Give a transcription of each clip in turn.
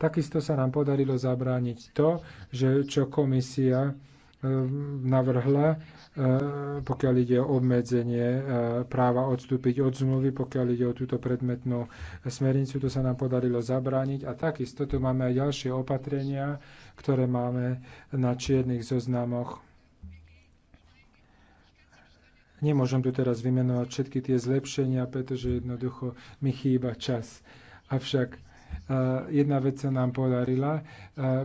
Takisto sa nám podarilo zabrániť to, že čo komisia e, navrhla, e, pokiaľ ide o obmedzenie e, práva odstúpiť od zmluvy, pokiaľ ide o túto predmetnú smernicu, to sa nám podarilo zabrániť. A takisto tu máme aj ďalšie opatrenia, ktoré máme na čiernych zoznamoch. Nemôžem tu teraz vymenovať všetky tie zlepšenia, pretože jednoducho mi chýba čas. Avšak Eh, jedna vec sa nám podarila. Eh,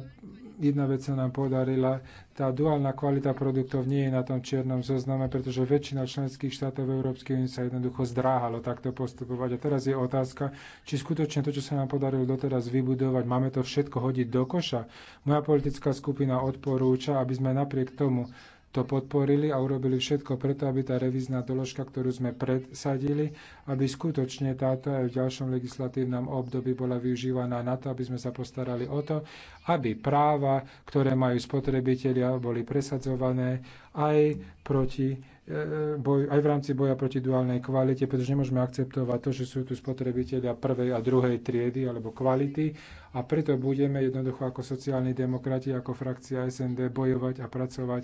jedna vec sa nám podarila. Tá duálna kvalita produktov nie je na tom čiernom zozname, pretože väčšina členských štátov Európskej únie sa jednoducho zdráhalo takto postupovať. A teraz je otázka, či skutočne to, čo sa nám podarilo doteraz vybudovať, máme to všetko hodiť do koša. Moja politická skupina odporúča, aby sme napriek tomu, to podporili a urobili všetko preto, aby tá revízna doložka, ktorú sme predsadili, aby skutočne táto aj v ďalšom legislatívnom období bola využívaná na to, aby sme sa postarali o to, aby práva, ktoré majú spotrebitelia, boli presadzované aj proti e, boj, aj v rámci boja proti duálnej kvalite, pretože nemôžeme akceptovať to, že sú tu spotrebitelia prvej a druhej triedy alebo kvality a preto budeme jednoducho ako sociálni demokrati, ako frakcia SND bojovať a pracovať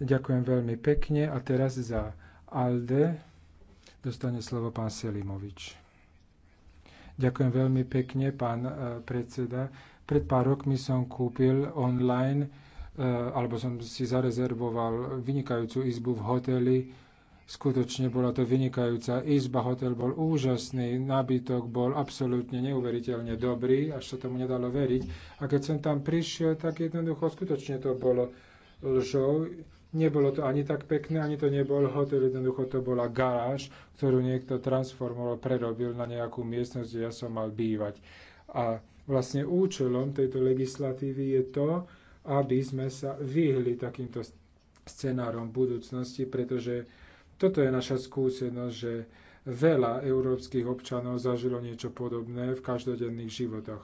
Ďakujem veľmi pekne a teraz za ALDE dostane slovo pán Selimovič. Ďakujem veľmi pekne, pán e, predseda. Pred pár rokmi som kúpil online, e, alebo som si zarezervoval vynikajúcu izbu v hoteli. Skutočne bola to vynikajúca izba, hotel bol úžasný, nábytok bol absolútne neuveriteľne dobrý, až sa tomu nedalo veriť. A keď som tam prišiel, tak jednoducho skutočne to bolo lžou Nebolo to ani tak pekné, ani to nebol hotel, jednoducho to bola garáž, ktorú niekto transformoval, prerobil na nejakú miestnosť, kde ja som mal bývať. A vlastne účelom tejto legislatívy je to, aby sme sa vyhli takýmto scenárom budúcnosti, pretože toto je naša skúsenosť, že veľa európskych občanov zažilo niečo podobné v každodenných životoch.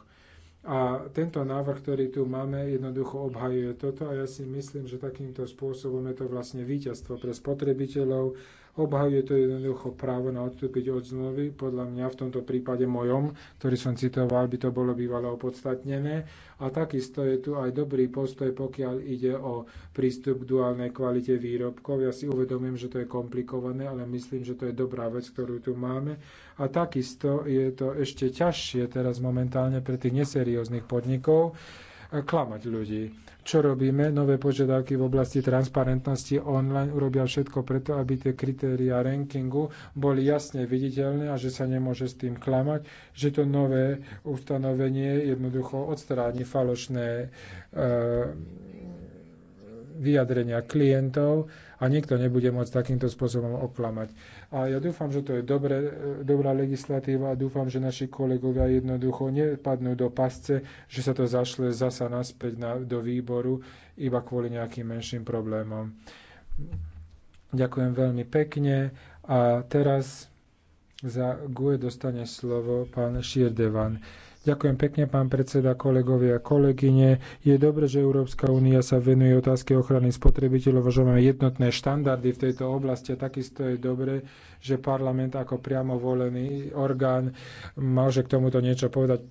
A tento návrh, ktorý tu máme, jednoducho obhajuje toto a ja si myslím, že takýmto spôsobom je to vlastne víťazstvo pre spotrebiteľov obhajuje to jednoducho právo na odstúpiť od zmluvy. Podľa mňa v tomto prípade mojom, ktorý som citoval, by to bolo bývalo opodstatnené. A takisto je tu aj dobrý postoj, pokiaľ ide o prístup k duálnej kvalite výrobkov. Ja si uvedomím, že to je komplikované, ale myslím, že to je dobrá vec, ktorú tu máme. A takisto je to ešte ťažšie teraz momentálne pre tých neserióznych podnikov, klamať ľudí. Čo robíme? Nové požiadavky v oblasti transparentnosti online urobia všetko preto, aby tie kritéria rankingu boli jasne viditeľné a že sa nemôže s tým klamať, že to nové ustanovenie jednoducho odstráni falošné e, vyjadrenia klientov a nikto nebude môcť takýmto spôsobom oklamať. A ja dúfam, že to je dobré, dobrá legislatíva a dúfam, že naši kolegovia jednoducho nepadnú do pasce, že sa to zašle zasa naspäť na, do výboru iba kvôli nejakým menším problémom. Ďakujem veľmi pekne a teraz za GUE dostane slovo pán Širdevan. Ďakujem pekne, pán predseda, kolegovia a kolegyne. Je dobre, že Európska únia sa venuje otázke ochrany spotrebiteľov, že máme jednotné štandardy v tejto oblasti a takisto je dobré, že parlament ako priamo volený orgán môže k tomuto niečo povedať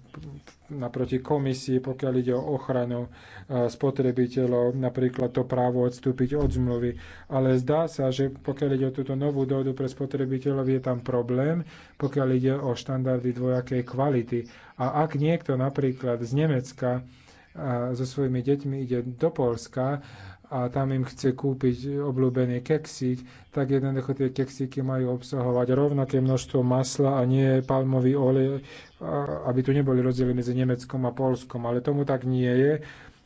naproti komisii, pokiaľ ide o ochranu e, spotrebiteľov, napríklad to právo odstúpiť od zmluvy. Ale zdá sa, že pokiaľ ide o túto novú dohodu pre spotrebiteľov, je tam problém, pokiaľ ide o štandardy dvojakej kvality. A ak niekto napríklad z Nemecka so svojimi deťmi ide do Polska a tam im chce kúpiť obľúbený keksík, tak jednoducho tie keksíky majú obsahovať rovnaké množstvo masla a nie palmový olej, aby tu neboli rozdiely medzi Nemeckom a Polskom. Ale tomu tak nie je.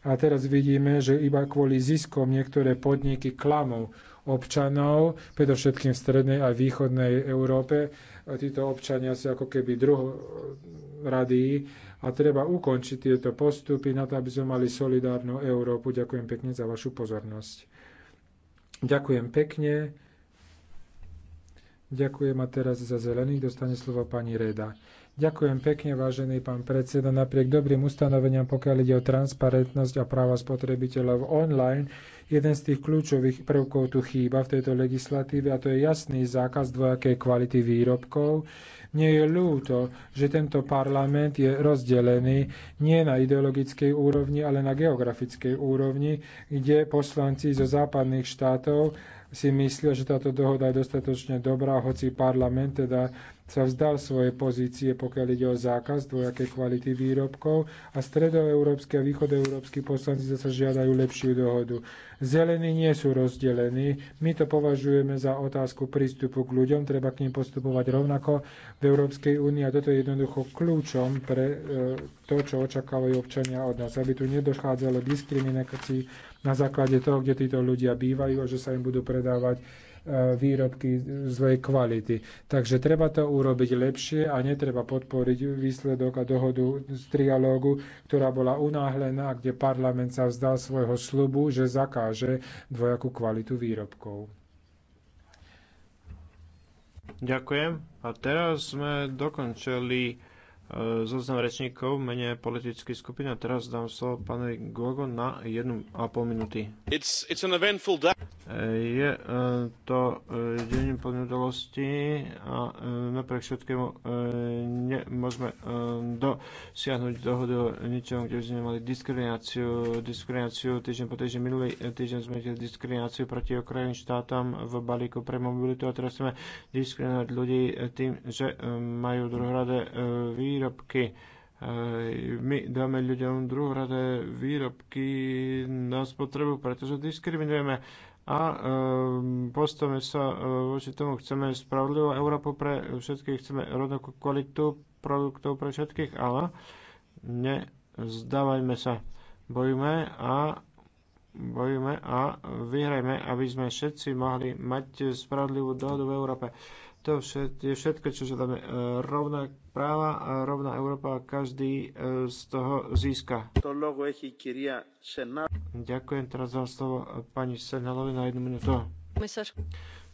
A teraz vidíme, že iba kvôli ziskom niektoré podniky klamú občanov, predovšetkým v strednej a východnej Európe. Títo občania sú ako keby druhoradí a treba ukončiť tieto postupy na to, aby sme mali solidárnu Európu. Ďakujem pekne za vašu pozornosť. Ďakujem pekne. Ďakujem a teraz za zelených dostane slovo pani Reda. Ďakujem pekne, vážený pán predseda. Napriek dobrým ustanoveniam, pokiaľ ide o transparentnosť a práva spotrebiteľov online, Jeden z tých kľúčových prvkov tu chýba v tejto legislatíve a to je jasný zákaz dvojakej kvality výrobkov. Mne je ľúto, že tento parlament je rozdelený nie na ideologickej úrovni, ale na geografickej úrovni, kde poslanci zo západných štátov si myslia, že táto dohoda je dostatočne dobrá, hoci parlament teda sa vzdal svoje pozície, pokiaľ ide o zákaz dvojakej kvality výrobkov a stredoeurópsky a východoeurópsky poslanci zase žiadajú lepšiu dohodu. Zelení nie sú rozdelení, my to považujeme za otázku prístupu k ľuďom, treba k nim postupovať rovnako v Európskej únii a toto je jednoducho kľúčom pre e, to, čo očakávajú občania od nás, aby tu nedochádzalo diskriminácii na základe toho, kde títo ľudia bývajú a že sa im budú predávať E, výrobky zlej kvality. Takže treba to urobiť lepšie a netreba podporiť výsledok a dohodu z trialógu, ktorá bola unáhlená, kde parlament sa vzdal svojho slubu, že zakáže dvojakú kvalitu výrobkov. Ďakujem. A teraz sme dokončili zoznam rečníkov v mene politických skupiny. a teraz dám slovo pánovi Gogo na 1,5 minúty. It's, it's an eventful day. Je e, to e, deň plný udalosti a e, napriek všetkému nemôžeme dosiahnuť dohodu o ničom, kde sme mali diskrimináciu, diskrimináciu týždeň po týždeň. Minulý týždeň sme mali diskrimináciu proti okrajovým štátom v balíku pre mobilitu a teraz chceme diskriminovať ľudí tým, že majú druhoradé víry výrobky. My dáme ľuďom druhoradé výrobky na spotrebu, pretože diskriminujeme a ehm, postavme sa e, voči tomu, chceme spravodlivú Európu pre všetkých, chceme rovnakú kvalitu produktov pre všetkých, ale nezdávajme sa. Bojíme a bojíme a vyhrajme, aby sme všetci mohli mať spravodlivú dohodu v Európe. To je všetko, čo žiadame. E, rovná práva a rovná Európa, každý e, z toho získa. Ďakujem, teraz za slovo pani Senalovi na jednu minútu.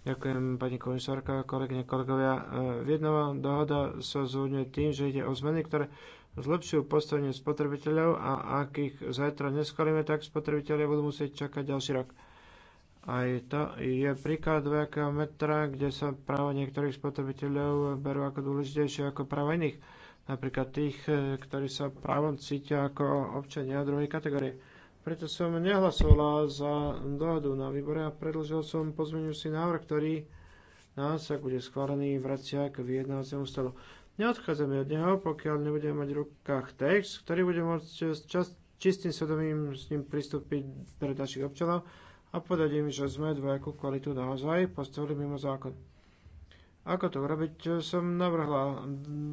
Ďakujem, pani komisárka, kolegyne, kolegovia. E, Viednová dohoda sa zúdne tým, že ide o zmeny, ktoré zlepšujú postavenie spotrebiteľov a ak ich zajtra neskalíme, tak spotrebitelia budú musieť čakať ďalší rok aj to je príklad veľkého metra, kde sa práva niektorých spotrebiteľov berú ako dôležitejšie ako práva iných. Napríklad tých, eh, ktorí sa právom cítia ako občania druhej kategórie. Preto som nehlasovala za dohodu na výbore a predložil som pozmeňujúci návrh, ktorý nás, ak bude schválený, vracia k vyjednávaciemu stolu. Neodchádzame od neho, pokiaľ nebudeme mať v rukách text, ktorý bude môcť s čas, čistým svedomím s ním pristúpiť pred našich občanov a povedať im, že sme dvojakú kvalitu naozaj postavili mimo zákon. Ako to urobiť, som navrhla.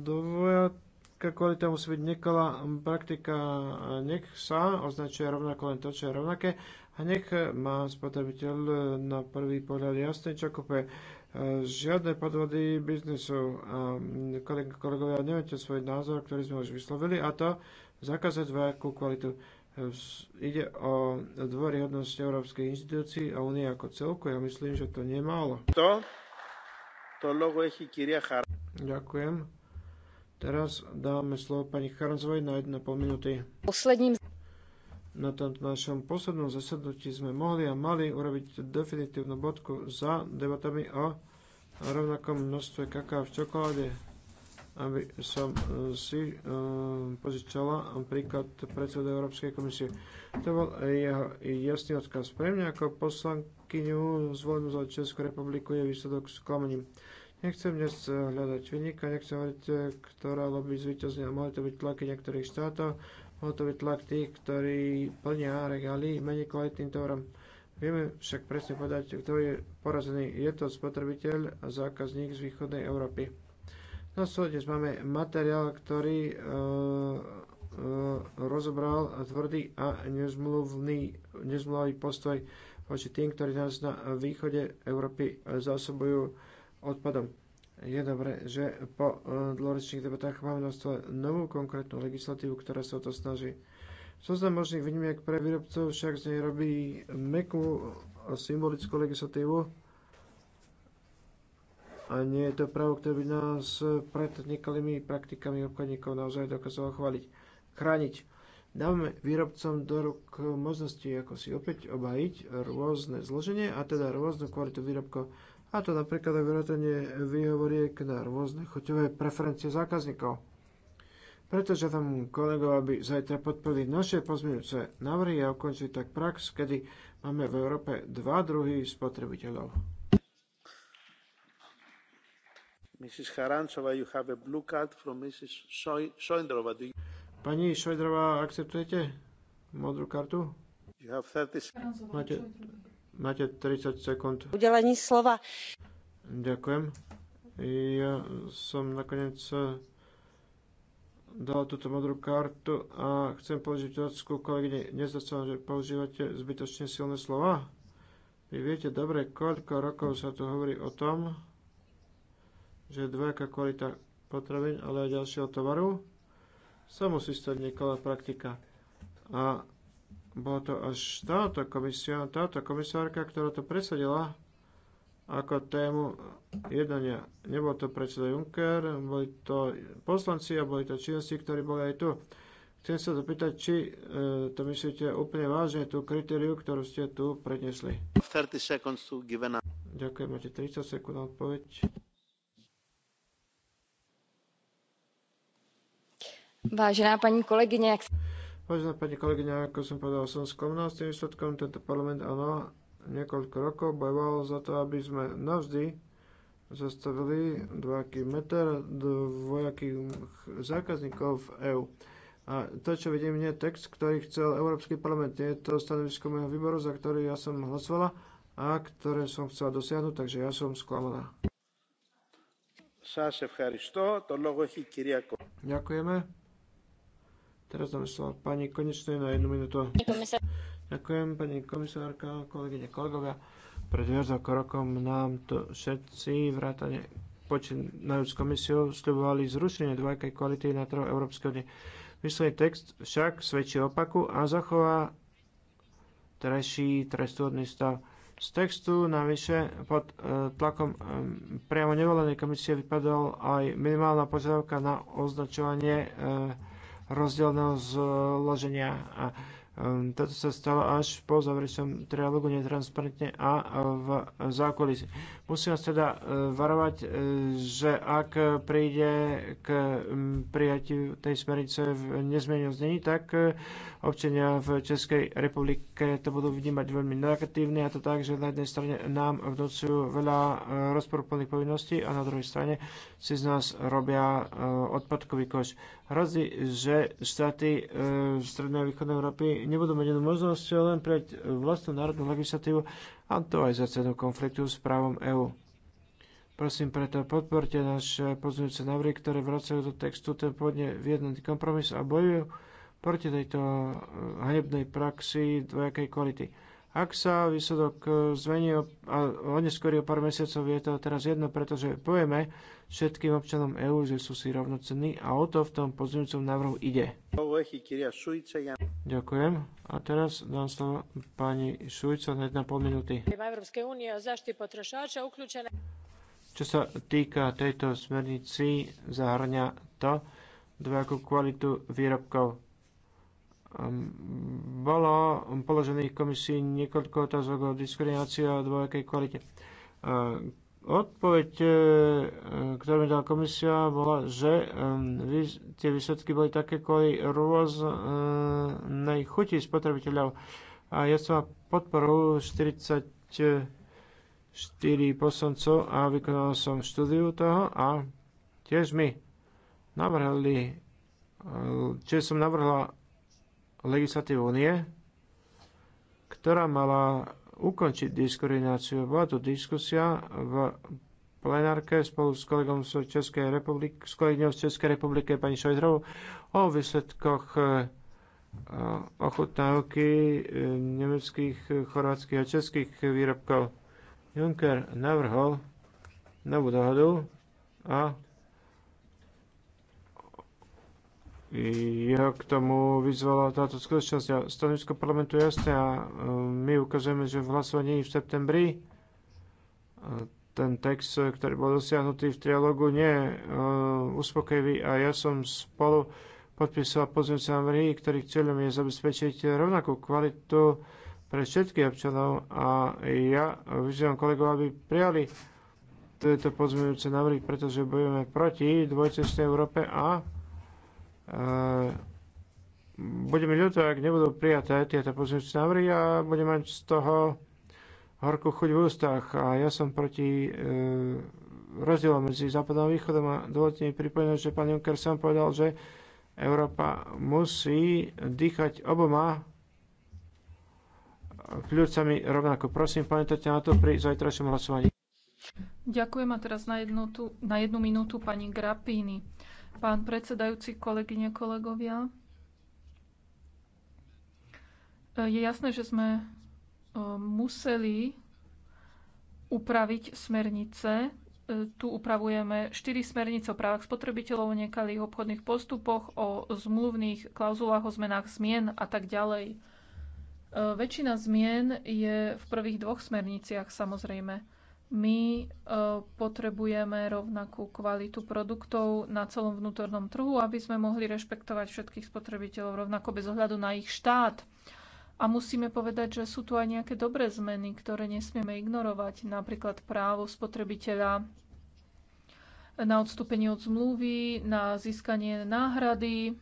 Dvojaká kvalita musí byť nekalá praktika. Nech sa označuje rovnako len to, čo je rovnaké a nech má spotrebiteľ na prvý pohľad jasný, čo kúpe. Žiadne podvody biznisu. Kolegovia, nemáte svoj názor, ktorý sme už vyslovili a to zakázať dvojakú kvalitu. Ide o dôryhodnosť európskej inštitúcii a únie ako celku. Ja myslím, že to nie je málo. To, to logo je Char- Ďakujem. Teraz dáme slovo pani Charnzovej na pol minúty. Posledním na tomto našom poslednom zasadnutí sme mohli a mali urobiť definitívnu bodku za debatami o rovnakom množstve kaká v čokoláde aby som e, si e, požičala príklad predseda Európskej komisie. To bol jeho jasný odkaz. Pre mňa ako poslankyňu zvolenú za Českú republiku je výsledok sklamaním. Nechcem dnes e, hľadať vynika, nechcem hovoriť, ktorá lobby zvyťaznila. Mohli to byť tlaky niektorých štátov, mohol to byť tlak tých, ktorí plnia regály menej kvalitným tovarom. Vieme však presne povedať, kto je porazený. Je to spotrebiteľ a zákazník z východnej Európy No súde máme materiál, ktorý e, e, rozobral tvrdý a nezmluvný, postoj voči tým, ktorí nás na východe Európy zásobujú odpadom. Je dobré, že po e, dlhoročných debatách máme na stole novú konkrétnu legislatívu, ktorá sa o to snaží. Zoznam možných výnimiek pre výrobcov však z nej robí mekú symbolickú legislatívu, a nie je to právo, ktoré by nás pred nekalými praktikami obchodníkov naozaj dokázalo chváliť, chrániť. Dáme výrobcom do rúk možnosti, ako si opäť obhajiť rôzne zloženie a teda rôznu kvalitu výrobkov. A to napríklad aj vrátanie výhovoriek na rôzne chuťové preferencie zákazníkov. Pretože tam kolegov, aby zajtra podporili naše pozmeňujúce návrhy a ukončili tak prax, kedy máme v Európe dva druhy spotrebiteľov. Pani Šojdrová, akceptujete modrú kartu? Máte, máte 30 sekúnd. Udelení slova. Ďakujem. Ja som nakoniec eh, dal túto modrú kartu a chcem položiť otázku kolegyne. Nezdá sa, že používate zbytočne silné slova? Vy viete dobre, koľko rokov sa tu hovorí o tom, že dvojaká kvalita potravín, ale aj ďalšieho tovaru sa musí stať nekalá praktika. A bola to až táto komisia, táto komisárka, ktorá to presadila ako tému jednania. Nebol to predseda Juncker, boli to poslanci a boli to činnosti, ktorí boli aj tu. Chcem sa zapýtať, či e, to myslíte úplne vážne, tú kritériu, ktorú ste tu prednesli. Ďakujem, máte 30 sekúnd odpoveď. Vážená pani kolegyňa, jak... Vážená pani kolegyňa, ako som povedal, som sklomná s tým výsledkom. Tento parlament, áno, niekoľko rokov bojoval za to, aby sme navždy zastavili dvojaký meter dvojakých zákazníkov v EÚ. A to, čo vidím, nie je text, ktorý chcel Európsky parlament. Nie je to stanovisko môjho výboru, za ktorý ja som hlasovala a ktoré som chcela dosiahnuť, takže ja som sklamaná. Ďakujeme. Teraz dáme slovo pani konečnej na jednu minútu. Ďakujem pani komisárka, kolegyne, kolegovia. Pred viac ako rokom nám to všetci vrátane počínajúc komisiou sľubovali zrušenie dvojakej kvality na trhu Európskej únie. Myslený text však svedčí opaku a zachová terajší trestúhodný stav. Z textu navyše pod e, tlakom e, priamo nevolenej komisie vypadol aj minimálna požiadavka na označovanie e, rozdielného zloženia. A um, toto sa stalo až po záverečnom trialogu netransparentne a v zákulisí. Musím vás teda e, varovať, e, že ak príde k prijatiu tej smernice v nezmenenom znení, tak e, občania v Českej republike to budú vnímať veľmi negatívne a to tak, že na jednej strane nám vnúcujú veľa e, rozporúplných povinností a na druhej strane si z nás robia e, odpadkový koš. Hrozí, že štáty e, Strednej a Východnej Európy nebudú mať jednu možnosť len prijať vlastnú národnú legislatívu a to aj za cenu konfliktu s právom EÚ. Prosím preto, podporte naše pozujúce návrhy, ktoré vracajú do textu ten pôvodne vyjednaný kompromis a bojujú proti tejto eh, hanebnej praxi dvojakej kvality. Ak sa výsledok eh, zmení o, a oneskorí o pár mesiacov, je to teraz jedno, pretože povieme všetkým občanom EÚ, že sú si rovnocenní a o to v tom pozdňujúcom návrhu ide. Ďakujem. A teraz dám slovo pani Šujca na 1,5 minúty. Čo sa týka tejto smernici, zahrňa to dvojakú kvalitu výrobkov bolo položených komisii niekoľko otázok o diskriminácii a dvojakej kvalite. E, odpoveď, e, ktorú mi dala komisia, bola, že tie výsledky boli také kvôli rôznej chuti spotrebiteľov. A ja som mal podporu 44 poslancov a vykonal som štúdiu toho a tiež mi navrhli, čiže som navrhla legislatívy únie, ktorá mala ukončiť diskrimináciu. Bola tu diskusia v plenárke spolu s kolegom z Českej republiky, s kolegyňou z Českej republiky pani Šojdrovou o výsledkoch e, ochutnávky e, nemeckých, chorvátskych a českých výrobkov. Juncker navrhol novú dohodu a jeho k tomu vyzvala táto skutočnosť a stanovisko parlamentu je jasné a um, my ukazujeme, že v hlasovaní v septembri ten text, ktorý bol dosiahnutý v trialogu, nie je uh, uspokojivý a ja som spolu podpísal pozmeňujúce návrhy, ktorých cieľom je zabezpečiť rovnakú kvalitu pre všetkých občanov a ja vyzývam kolegov, aby prijali tieto pozmeňujúce návrhy, pretože bojujeme proti dvojcestnej Európe a Budeme mi ľúto, ak nebudú prijaté tieto pozmeňujúce návrhy a budeme mať z toho horkú chuť v ústach. A ja som proti e, rozdielu medzi západom a východom a dovolte mi pripomenúť, že pán Juncker sám povedal, že Európa musí dýchať oboma kľúcami rovnako. Prosím, pamätajte na to pri zajtrajšom hlasovaní. Ďakujem a teraz na, jednotu, na jednu minútu pani Grapini. Pán predsedajúci, kolegyne, kolegovia, je jasné, že sme e, museli upraviť smernice. E, tu upravujeme štyri smernice o právach spotrebiteľov, o nekalých obchodných postupoch, o zmluvných klauzulách, o zmenách zmien a tak ďalej. E, väčšina zmien je v prvých dvoch smerniciach samozrejme. My e, potrebujeme rovnakú kvalitu produktov na celom vnútornom trhu, aby sme mohli rešpektovať všetkých spotrebiteľov rovnako bez ohľadu na ich štát. A musíme povedať, že sú tu aj nejaké dobré zmeny, ktoré nesmieme ignorovať, napríklad právo spotrebiteľa na odstúpenie od zmluvy, na získanie náhrady,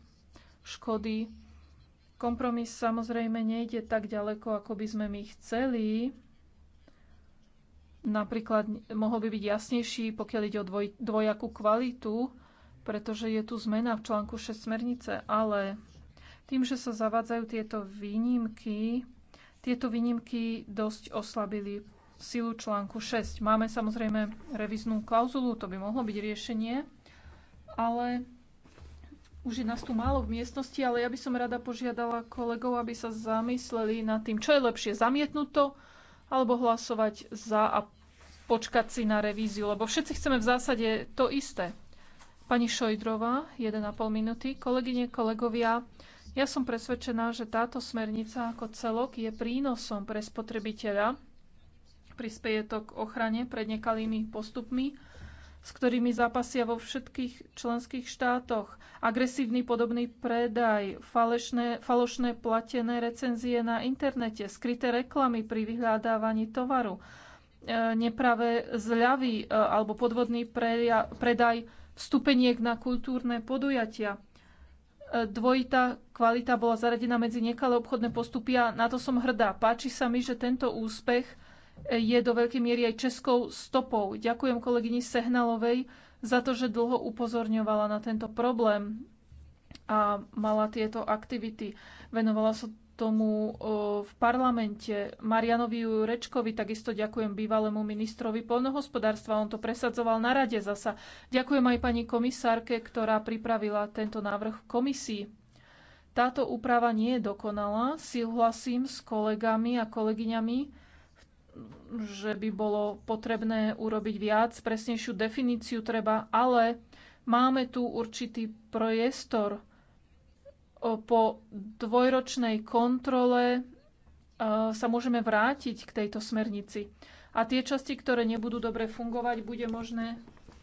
škody. Kompromis samozrejme nejde tak ďaleko, ako by sme my chceli, Napríklad mohol by byť jasnejší, pokiaľ ide o dvoj, dvojakú kvalitu, pretože je tu zmena v článku 6 smernice, ale tým, že sa zavádzajú tieto výnimky, tieto výnimky dosť oslabili silu článku 6. Máme samozrejme reviznú klauzulu, to by mohlo byť riešenie, ale už je nás tu málo v miestnosti, ale ja by som rada požiadala kolegov, aby sa zamysleli nad tým, čo je lepšie, zamietnúť to alebo hlasovať za a počkať si na revíziu, lebo všetci chceme v zásade to isté. Pani Šojdrová, 1,5 minúty. Kolegyne, kolegovia, ja som presvedčená, že táto smernica ako celok je prínosom pre spotrebiteľa. Prispieje to k ochrane pred nekalými postupmi s ktorými zápasia vo všetkých členských štátoch. Agresívny podobný predaj, falešné, falošné platené recenzie na internete, skryté reklamy pri vyhľadávaní tovaru, e, nepravé zľavy e, alebo podvodný predaj vstupeniek na kultúrne podujatia e, dvojitá kvalita bola zaradená medzi nekalé obchodné postupy a na to som hrdá. Páči sa mi, že tento úspech je do veľkej miery aj českou stopou. Ďakujem kolegyni Sehnalovej za to, že dlho upozorňovala na tento problém a mala tieto aktivity. Venovala sa tomu v parlamente. Marianovi Rečkovi takisto ďakujem bývalému ministrovi poľnohospodárstva. On to presadzoval na rade zasa. Ďakujem aj pani komisárke, ktorá pripravila tento návrh v komisii. Táto úprava nie je dokonalá. Súhlasím s kolegami a kolegyňami, že by bolo potrebné urobiť viac, presnejšiu definíciu treba, ale máme tu určitý priestor. Po dvojročnej kontrole e, sa môžeme vrátiť k tejto smernici. A tie časti, ktoré nebudú dobre fungovať, bude možné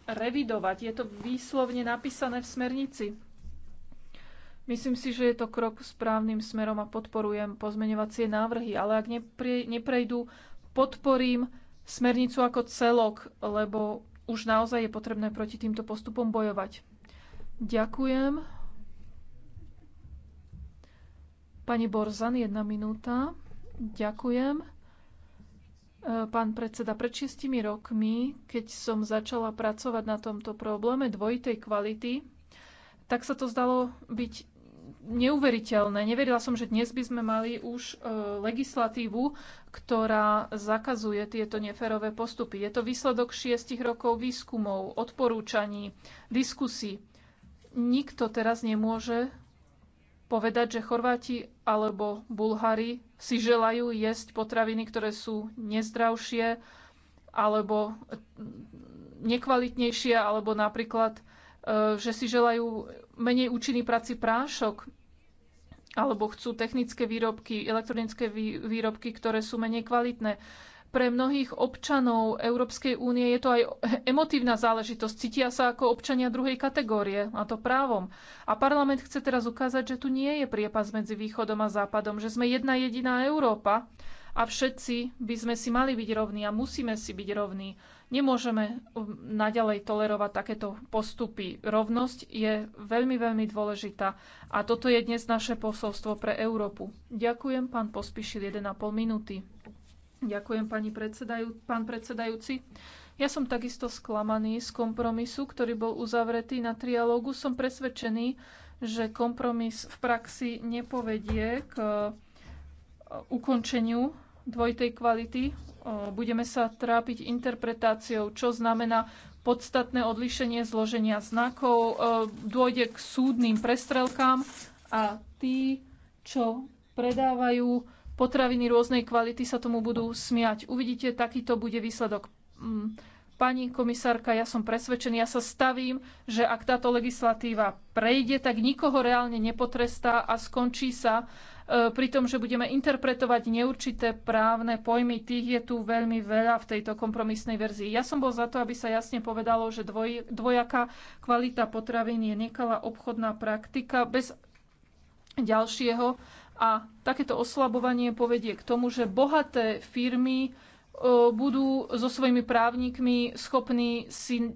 revidovať. Je to výslovne napísané v smernici. Myslím si, že je to krok správnym smerom a podporujem pozmeňovacie návrhy, ale ak neprejdú podporím smernicu ako celok, lebo už naozaj je potrebné proti týmto postupom bojovať. Ďakujem. Pani Borzan, jedna minúta. Ďakujem. E, pán predseda, pred šiestimi rokmi, keď som začala pracovať na tomto probléme dvojitej kvality, tak sa to zdalo byť neuveriteľné. Neverila som, že dnes by sme mali už e, legislatívu, ktorá zakazuje tieto neférové postupy. Je to výsledok šiestich rokov výskumov, odporúčaní, diskusí. Nikto teraz nemôže povedať, že Chorváti alebo Bulhári si želajú jesť potraviny, ktoré sú nezdravšie alebo nekvalitnejšie, alebo napríklad, e, že si želajú menej účinný práci prášok, alebo chcú technické výrobky, elektronické výrobky, ktoré sú menej kvalitné. Pre mnohých občanov Európskej únie je to aj emotívna záležitosť. Cítia sa ako občania druhej kategórie, a to právom. A parlament chce teraz ukázať, že tu nie je priepas medzi východom a západom, že sme jedna jediná Európa a všetci by sme si mali byť rovní a musíme si byť rovní. Nemôžeme um, naďalej tolerovať takéto postupy. Rovnosť je veľmi, veľmi dôležitá a toto je dnes naše posolstvo pre Európu. Ďakujem, pán Pospišil, 1,5 minúty. Ďakujem, pani predsedajú, pán predsedajúci. Ja som takisto sklamaný z kompromisu, ktorý bol uzavretý na trialógu. Som presvedčený, že kompromis v praxi nepovedie k uh, ukončeniu dvojitej kvality. Budeme sa trápiť interpretáciou, čo znamená podstatné odlišenie zloženia znakov. Dôjde k súdnym prestrelkám a tí, čo predávajú potraviny rôznej kvality, sa tomu budú smiať. Uvidíte, takýto bude výsledok. Mm, pani komisárka, ja som presvedčený, ja sa stavím, že ak táto legislatíva prejde, tak nikoho reálne nepotrestá a skončí sa E, pri tom, že budeme interpretovať neurčité právne pojmy, tých je tu veľmi veľa v tejto kompromisnej verzii. Ja som bol za to, aby sa jasne povedalo, že dvoj, dvojaká kvalita potravín je nekalá obchodná praktika bez ďalšieho a takéto oslabovanie povedie k tomu, že bohaté firmy e, budú so svojimi právnikmi schopní si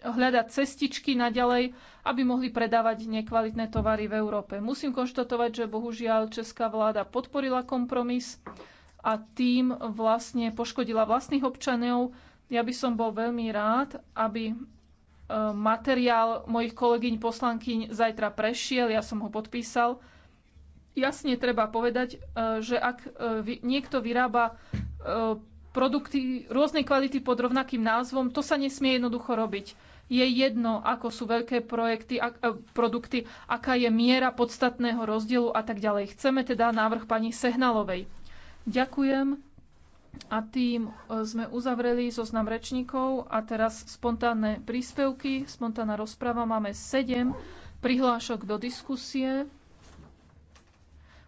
hľadať cestičky naďalej, aby mohli predávať nekvalitné tovary v Európe. Musím konštatovať, že bohužiaľ česká vláda podporila kompromis a tým vlastne poškodila vlastných občanov. Ja by som bol veľmi rád, aby e, materiál mojich kolegyň poslankyň zajtra prešiel, ja som ho podpísal. Jasne treba povedať, e, že ak e, niekto vyrába produkty rôznej kvality pod rovnakým názvom, to sa nesmie jednoducho robiť. Je jedno, ako sú veľké projekty, ak, e, produkty, aká je miera podstatného rozdielu a tak ďalej. Chceme teda návrh pani Sehnalovej. Ďakujem. A tým e, sme uzavreli zoznam rečníkov a teraz spontánne príspevky, spontánna rozpráva. Máme 7 prihlášok do diskusie.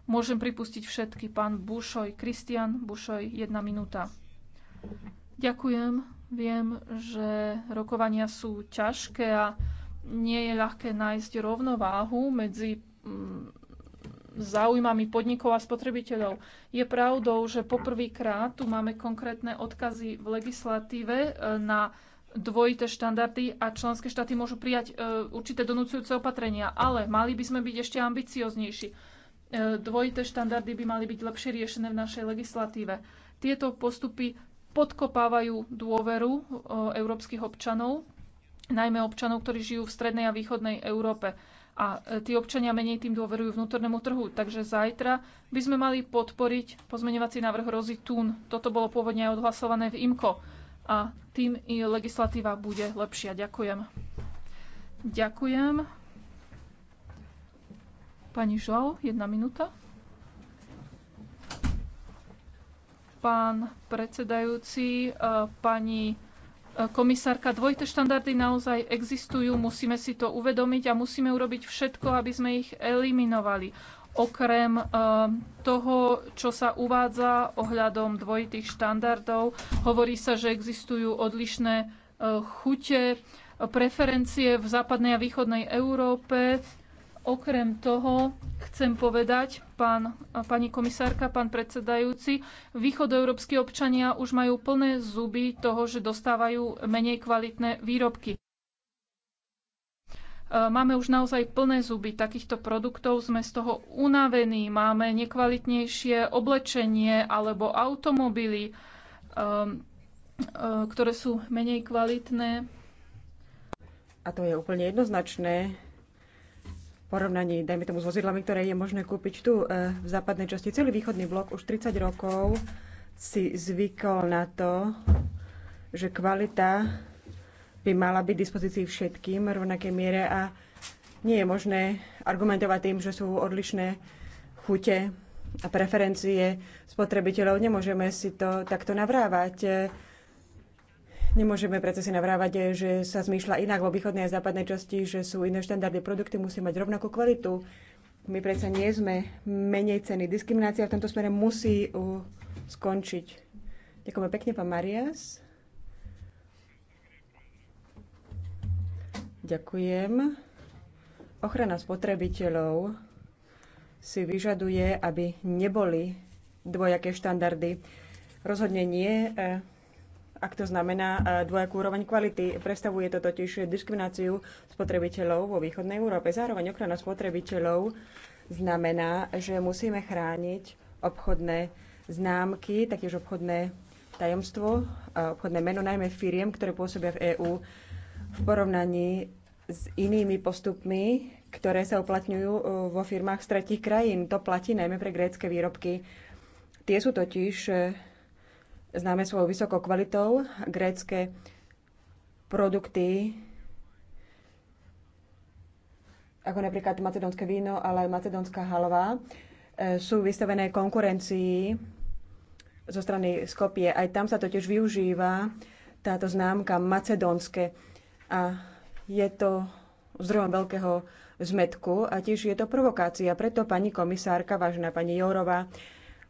Môžem pripustiť všetky. Pán Bušoj, Kristian Bušoj, jedna minúta. Ďakujem. Viem, že rokovania sú ťažké a nie je ľahké nájsť rovnováhu medzi mm, záujmami podnikov a spotrebiteľov. Je pravdou, že poprvýkrát tu máme konkrétne odkazy v legislatíve e, na dvojité štandardy a členské štáty môžu prijať e, určité donúcujúce opatrenia, ale mali by sme byť ešte ambicioznejší. E, dvojité štandardy by mali byť lepšie riešené v našej legislatíve. Tieto postupy podkopávajú dôveru e, európskych občanov, najmä občanov, ktorí žijú v strednej a východnej Európe. A e, tí občania menej tým dôverujú vnútornému trhu. Takže zajtra by sme mali podporiť pozmeňovací návrh Rozy Tún. Toto bolo pôvodne aj odhlasované v IMKO. A tým i legislatíva bude lepšia. Ďakujem. Ďakujem. Pani Žal, jedna minúta. pán predsedajúci, e, pani e, komisárka. Dvojité štandardy naozaj existujú, musíme si to uvedomiť a musíme urobiť všetko, aby sme ich eliminovali. Okrem e, toho, čo sa uvádza ohľadom dvojitých štandardov, hovorí sa, že existujú odlišné chute, preferencie v západnej a východnej Európe, Okrem toho chcem povedať, pán, pani komisárka, pán predsedajúci, východoeurópsky občania už majú plné zuby toho, že dostávajú menej kvalitné výrobky. E, máme už naozaj plné zuby takýchto produktov, sme z toho unavení, máme nekvalitnejšie oblečenie alebo automobily, e, e, ktoré sú menej kvalitné. A to je úplne jednoznačné porovnaní, dajme tomu s vozidlami, ktoré je možné kúpiť tu eh, v západnej časti. Celý východný blok už 30 rokov si zvykol na to, že kvalita by mala byť dispozícii všetkým v rovnakej miere a nie je možné argumentovať tým, že sú odlišné chute a preferencie spotrebiteľov. Nemôžeme si to takto navrávať. Nemôžeme preto si navrávať, že sa zmýšľa inak vo východnej a západnej časti, že sú iné štandardy produkty, musí mať rovnakú kvalitu. My predsa nie sme menej ceny. Diskriminácia v tomto smere musí skončiť. Ďakujeme pekne, pán Marias. Ďakujem. Ochrana spotrebiteľov si vyžaduje, aby neboli dvojaké štandardy. Rozhodne nie e, ak to znamená e, dvojakú úroveň kvality. Predstavuje to totiž diskrimináciu spotrebiteľov vo východnej Európe. Zároveň ochrana spotrebiteľov znamená, že musíme chrániť obchodné známky, taktiež obchodné tajomstvo, obchodné meno, najmä firiem, ktoré pôsobia v EÚ v porovnaní s inými postupmi, ktoré sa uplatňujú e, vo firmách z tretich krajín. To platí najmä pre grécké výrobky. Tie sú totiž e, známe svojou vysokou kvalitou. Grécké produkty, ako napríklad macedónske víno, ale aj macedónska halva, e, sú vystavené konkurencii zo strany Skopie. Aj tam sa totiž využíva táto známka macedónske. A je to zdrojom veľkého zmetku a tiež je to provokácia. Preto, pani komisárka, vážená pani Jourova,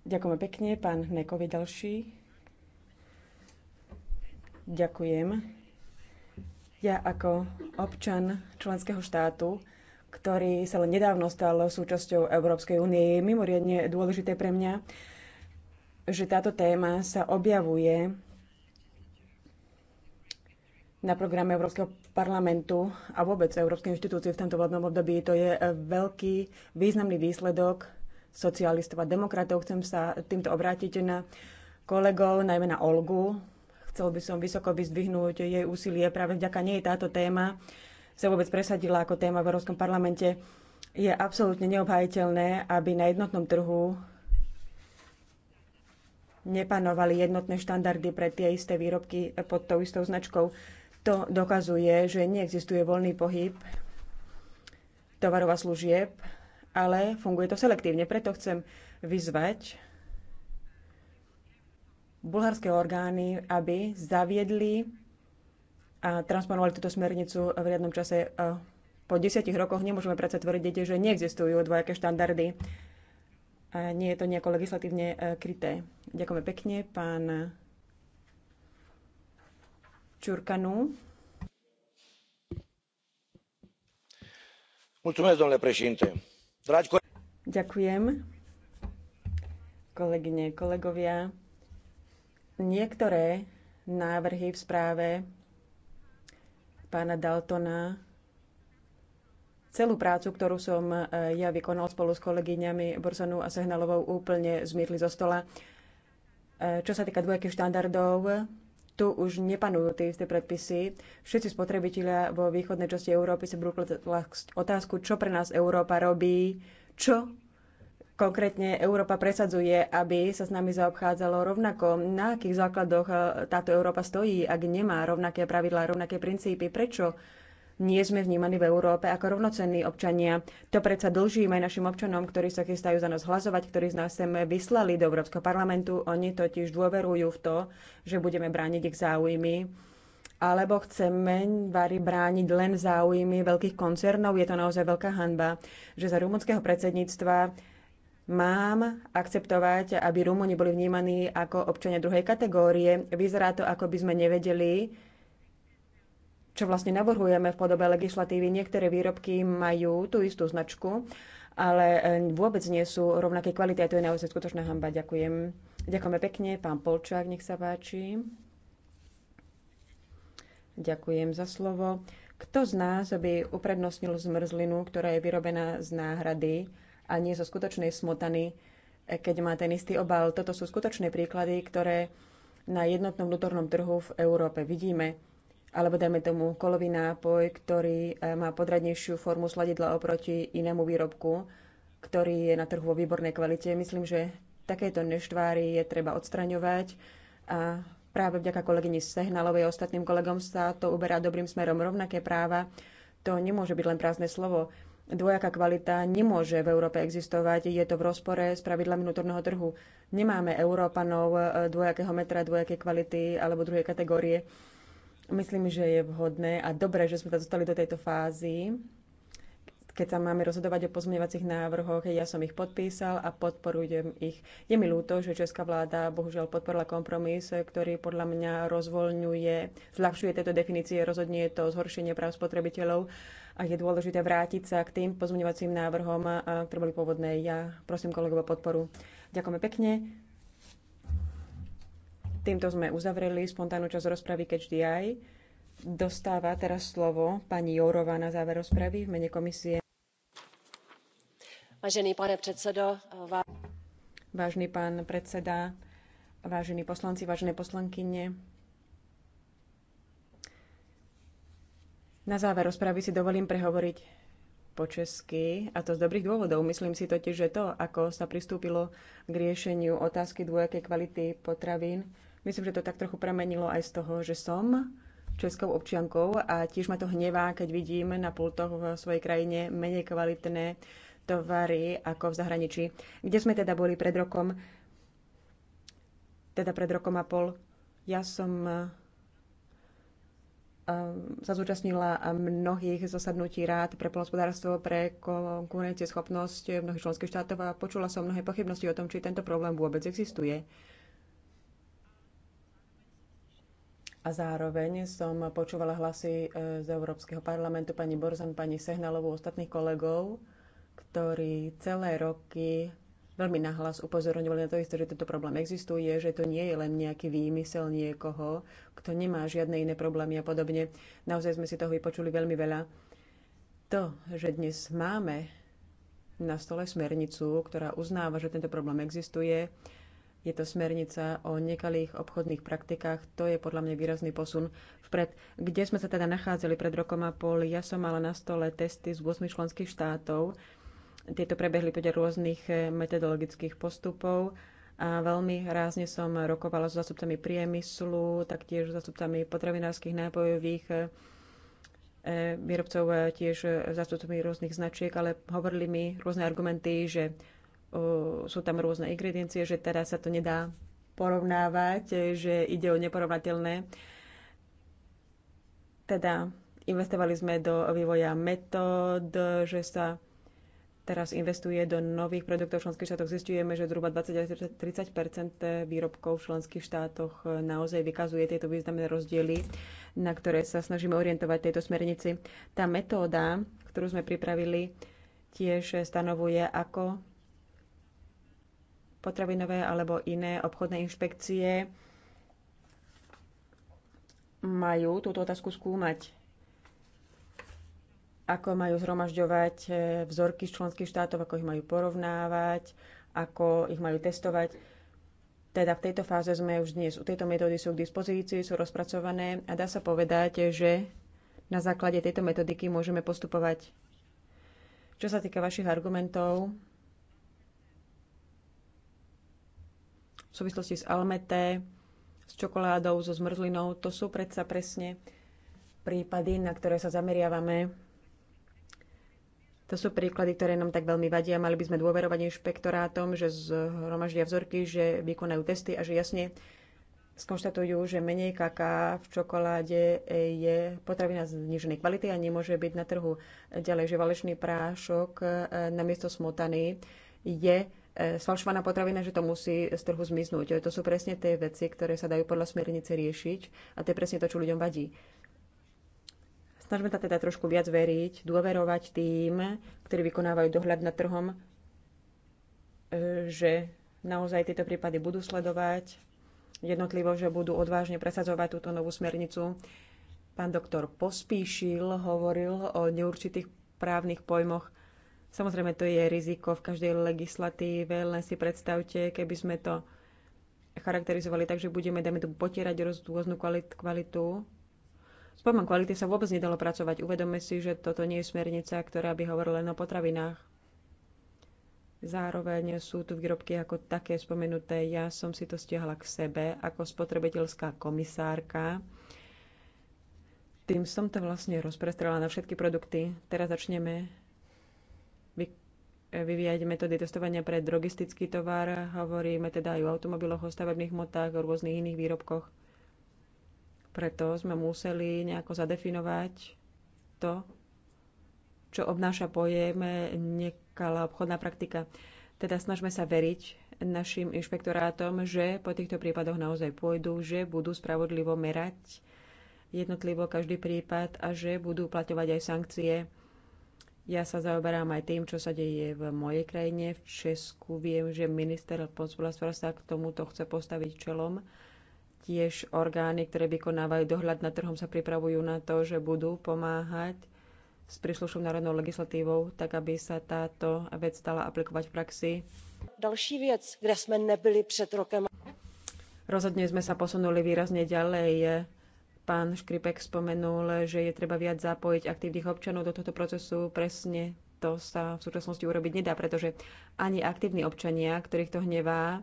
Ďakujeme pekne. Pán Nekov je ďalší. Ďakujem. Ja ako občan členského štátu, ktorý sa len nedávno stal súčasťou Európskej únie, je mimoriadne dôležité pre mňa, že táto téma sa objavuje na programe Európskeho parlamentu a vôbec Európskej inštitúcie v tomto volebnom období. To je eh, veľký, významný výsledok socialistov a demokratov. Chcem sa týmto obrátiť na kolegov, najmä na Olgu. Chcel by som vysoko vyzdvihnúť jej úsilie. Práve vďaka nej táto téma sa vôbec presadila ako téma v Európskom parlamente. Je absolútne neobhajiteľné, aby na jednotnom trhu nepanovali jednotné štandardy pre tie isté výrobky pod tou istou značkou. To dokazuje, že neexistuje voľný pohyb tovarov a služieb, ale funguje to selektívne. Preto chcem vyzvať bulharské orgány, aby zaviedli a transponovali túto smernicu v riadnom čase. Po desiatich rokoch nemôžeme predsa tvrdiť, že neexistujú dvojaké štandardy. A nie je to nejako legislatívne e, kryté. Ďakujeme pekne, pán Ciurcanu. Mulțumesc, domnule președinte. Dragi Ďakujem. Kolegyne, kolegovia, niektoré návrhy v správe pána Daltona celú prácu, ktorú som e, ja vykonal spolu s kolegyňami Borsonou a Sehnalovou, úplne zmietli zo stola. E, čo sa týka dvojakých štandardov, tu už nepanujú tie isté predpisy. Všetci spotrebitelia vo východnej časti Európy sa budú otázku, čo pre nás Európa robí, čo konkrétne Európa presadzuje, aby sa s nami zaobchádzalo rovnako. Na akých základoch eh, táto Európa stojí, ak nemá rovnaké pravidlá, rovnaké princípy? Prečo nie sme vnímaní v Európe ako rovnocenní občania. To predsa dlžíme našim občanom, ktorí sa chystajú za nás hlasovať, ktorí z nás sem vyslali do Európskeho parlamentu. Oni totiž dôverujú v to, že budeme brániť ich záujmy alebo chceme Vary brániť len záujmy veľkých koncernov. Je to naozaj veľká hanba, že za rumunského predsedníctva mám akceptovať, aby Rumúni boli vnímaní ako občania druhej kategórie. Vyzerá to, ako by sme nevedeli, čo vlastne navrhujeme v podobe legislatívy. Niektoré výrobky majú tú istú značku, ale e, vôbec nie sú rovnaké kvality a to je naozaj skutočná hamba. Ďakujem. Ďakujeme pekne. Pán Polčák, nech sa páči. Ďakujem za slovo. Kto z nás by uprednostnil zmrzlinu, ktorá je vyrobená z náhrady a nie zo skutočnej smotany, e, keď má ten istý obal? Toto sú skutočné príklady, ktoré na jednotnom vnútornom trhu v Európe vidíme alebo dajme tomu kolový nápoj, ktorý e, má podradnejšiu formu sladidla oproti inému výrobku, ktorý je na trhu vo výbornej kvalite. Myslím, že takéto neštváry je treba odstraňovať a práve vďaka kolegyni Sehnalovej a ostatným kolegom sa to uberá dobrým smerom. Rovnaké práva, to nemôže byť len prázdne slovo. Dvojaká kvalita nemôže v Európe existovať, je to v rozpore s pravidlami vnútorného trhu. Nemáme Európanov e, dvojakého metra, dvojakej kvality alebo druhej kategórie. Myslím, že je vhodné a dobré, že sme sa dostali do tejto fázy, keď sa máme rozhodovať o pozmeňovacích návrhoch. Ja som ich podpísal a podporujem ich. Je mi ľúto, že česká vláda bohužiaľ podporila kompromis, ktorý podľa mňa rozvoľňuje, zľahšuje tieto definície. Rozhodne je to zhoršenie práv spotrebiteľov a je dôležité vrátiť sa k tým pozmeňovacím návrhom, ktoré boli pôvodné. Ja prosím kolegov o podporu. Ďakujeme pekne. Týmto sme uzavreli spontánnu časť rozpravy KHDI. Dostáva teraz slovo pani Jourová na záver rozpravy v mene komisie. Vážený pane predsedo, vá... Vážený pán predseda, vážení poslanci, vážené poslankyne, na záver rozpravy si dovolím prehovoriť po česky, a to z dobrých dôvodov. Myslím si totiž, že to, ako sa pristúpilo k riešeniu otázky dvojakej kvality potravín, Myslím, že to tak trochu premenilo aj z toho, že som českou občiankou a tiež ma to hnevá, keď vidím na pultoch v svojej krajine menej kvalitné tovary ako v zahraničí. Kde sme teda boli pred rokom? Teda pred rokom a pol. Ja som eh, eh, sa zúčastnila mnohých zasadnutí rád pre polnospodárstvo, pre schopnosť mnohých členských štátov a počula som mnohé pochybnosti o tom, či tento problém vôbec existuje. A zároveň som počúvala hlasy e, z Európskeho parlamentu pani Borzan, pani Sehnalovú, ostatných kolegov, ktorí celé roky veľmi nahlas upozorňovali na to isté, že tento problém existuje, že to nie je len nejaký výmysel niekoho, kto nemá žiadne iné problémy a podobne. Naozaj sme si toho vypočuli veľmi veľa. To, že dnes máme na stole smernicu, ktorá uznáva, že tento problém existuje, je to smernica o nekalých obchodných praktikách. To je podľa mňa výrazný posun vpred. Kde sme sa teda nachádzali pred rokom a pol? Ja som mala na stole testy z 8 členských štátov. Tieto prebehli podľa rôznych eh, metodologických postupov. A veľmi rázne som rokovala s zástupcami priemyslu, taktiež s zástupcami potravinárskych nápojových eh, eh, výrobcov, tiež zástupcami rôznych značiek, ale hovorili mi rôzne argumenty, že sú tam rôzne ingrediencie, že teraz sa to nedá porovnávať, že ide o neporovnateľné. Teda investovali sme do vývoja metód, že sa teraz investuje do nových produktov v členských štátoch. Zistujeme, že zhruba 20 30 výrobkov v členských štátoch naozaj vykazuje tieto významné rozdiely, na ktoré sa snažíme orientovať tejto smernici. Tá metóda, ktorú sme pripravili, tiež stanovuje, ako potravinové alebo iné obchodné inšpekcie majú túto otázku skúmať. Ako majú zhromažďovať eh, vzorky z členských štátov, ako ich majú porovnávať, ako ich majú testovať. Teda v tejto fáze sme už dnes. U tejto metódy sú k dispozícii, sú rozpracované a dá sa povedať, že na základe tejto metodiky môžeme postupovať. Čo sa týka vašich argumentov, v súvislosti s almeté, s čokoládou, so zmrzlinou. To sú predsa presne prípady, na ktoré sa zameriavame. To sú príklady, ktoré nám tak veľmi vadia. Mali by sme dôverovať inšpektorátom, že zhromaždia vzorky, že vykonajú testy a že jasne skonštatujú, že menej kaká v čokoláde je potravina zniženej kvality a nemôže byť na trhu. Ďalej, že valečný prášok eh, namiesto smotany je sfalšovaná e, potravina, že to musí z trhu zmiznúť. E, to sú presne tie veci, ktoré sa dajú podľa smernice riešiť a to je presne to, čo ľuďom vadí. Snažme sa teda trošku viac veriť, dôverovať tým, ktorí vykonávajú dohľad nad trhom, e, že naozaj tieto prípady budú sledovať, jednotlivo, že budú odvážne presadzovať túto novú smernicu. Pán doktor Pospíšil hovoril o neurčitých právnych pojmoch Samozrejme, to je riziko v každej legislatíve, len si predstavte, keby sme to charakterizovali tak, že budeme, dajme tu potierať rôznu kvalitu. S pojmom kvality sa vôbec nedalo pracovať. Uvedome si, že toto nie je smernica, ktorá by hovorila len o potravinách. Zároveň sú tu výrobky ako také spomenuté. Ja som si to stiahla k sebe ako spotrebiteľská komisárka. Tým som to vlastne rozprestrela na všetky produkty. Teraz začneme vyvíjať metódy testovania pre drogistický tovar. Hovoríme teda aj o automobiloch, o stavebných motách, o rôznych iných výrobkoch. Preto sme museli nejako zadefinovať to, čo obnáša pojem nekalá obchodná praktika. Teda snažme sa veriť našim inšpektorátom, že po týchto prípadoch naozaj pôjdu, že budú spravodlivo merať jednotlivo každý prípad a že budú uplatňovať aj sankcie ja sa zaoberám aj tým, čo sa deje v mojej krajine, v Česku. Viem, že minister hospodárstva sa k tomuto chce postaviť čelom. Tiež orgány, ktoré vykonávajú dohľad nad trhom, sa pripravujú na to, že budú pomáhať s príslušnou národnou legislatívou, tak aby sa táto vec stala aplikovať v praxi. Další vec, kde sme nebyli pred rokem. Rozhodne sme sa posunuli výrazne ďalej Pán Škripek spomenul, že je treba viac zapojiť aktívnych občanov do tohto procesu. Presne to sa v súčasnosti urobiť nedá, pretože ani aktívni občania, ktorých to hnevá,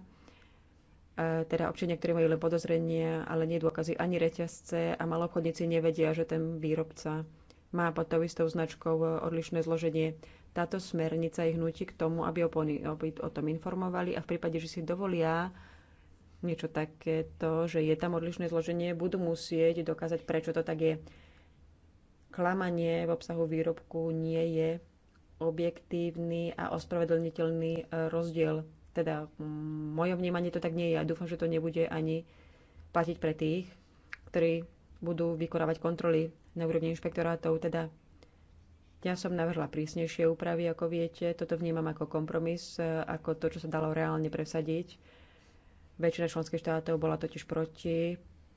e, teda občania, ktorí majú len podozrenia, ale nie dôkazy, ani reťazce a malobchodníci nevedia, že ten výrobca má pod tou istou značkou odlišné zloženie. Táto smernica ich nutí k tomu, aby o tom informovali a v prípade, že si dovolia niečo takéto, že je tam odlišné zloženie, budú musieť dokázať, prečo to tak je. Klamanie v obsahu výrobku nie je objektívny a ospravedlniteľný e, rozdiel. Teda moje vnímanie to tak nie je a dúfam, že to nebude ani platiť pre tých, ktorí budú vykonávať kontroly na úrovni inšpektorátov. Teda ja som navrhla prísnejšie úpravy, ako viete. Toto vnímam ako kompromis, e, ako to, čo sa dalo reálne presadiť Väčšina členských štátov bola totiž proti.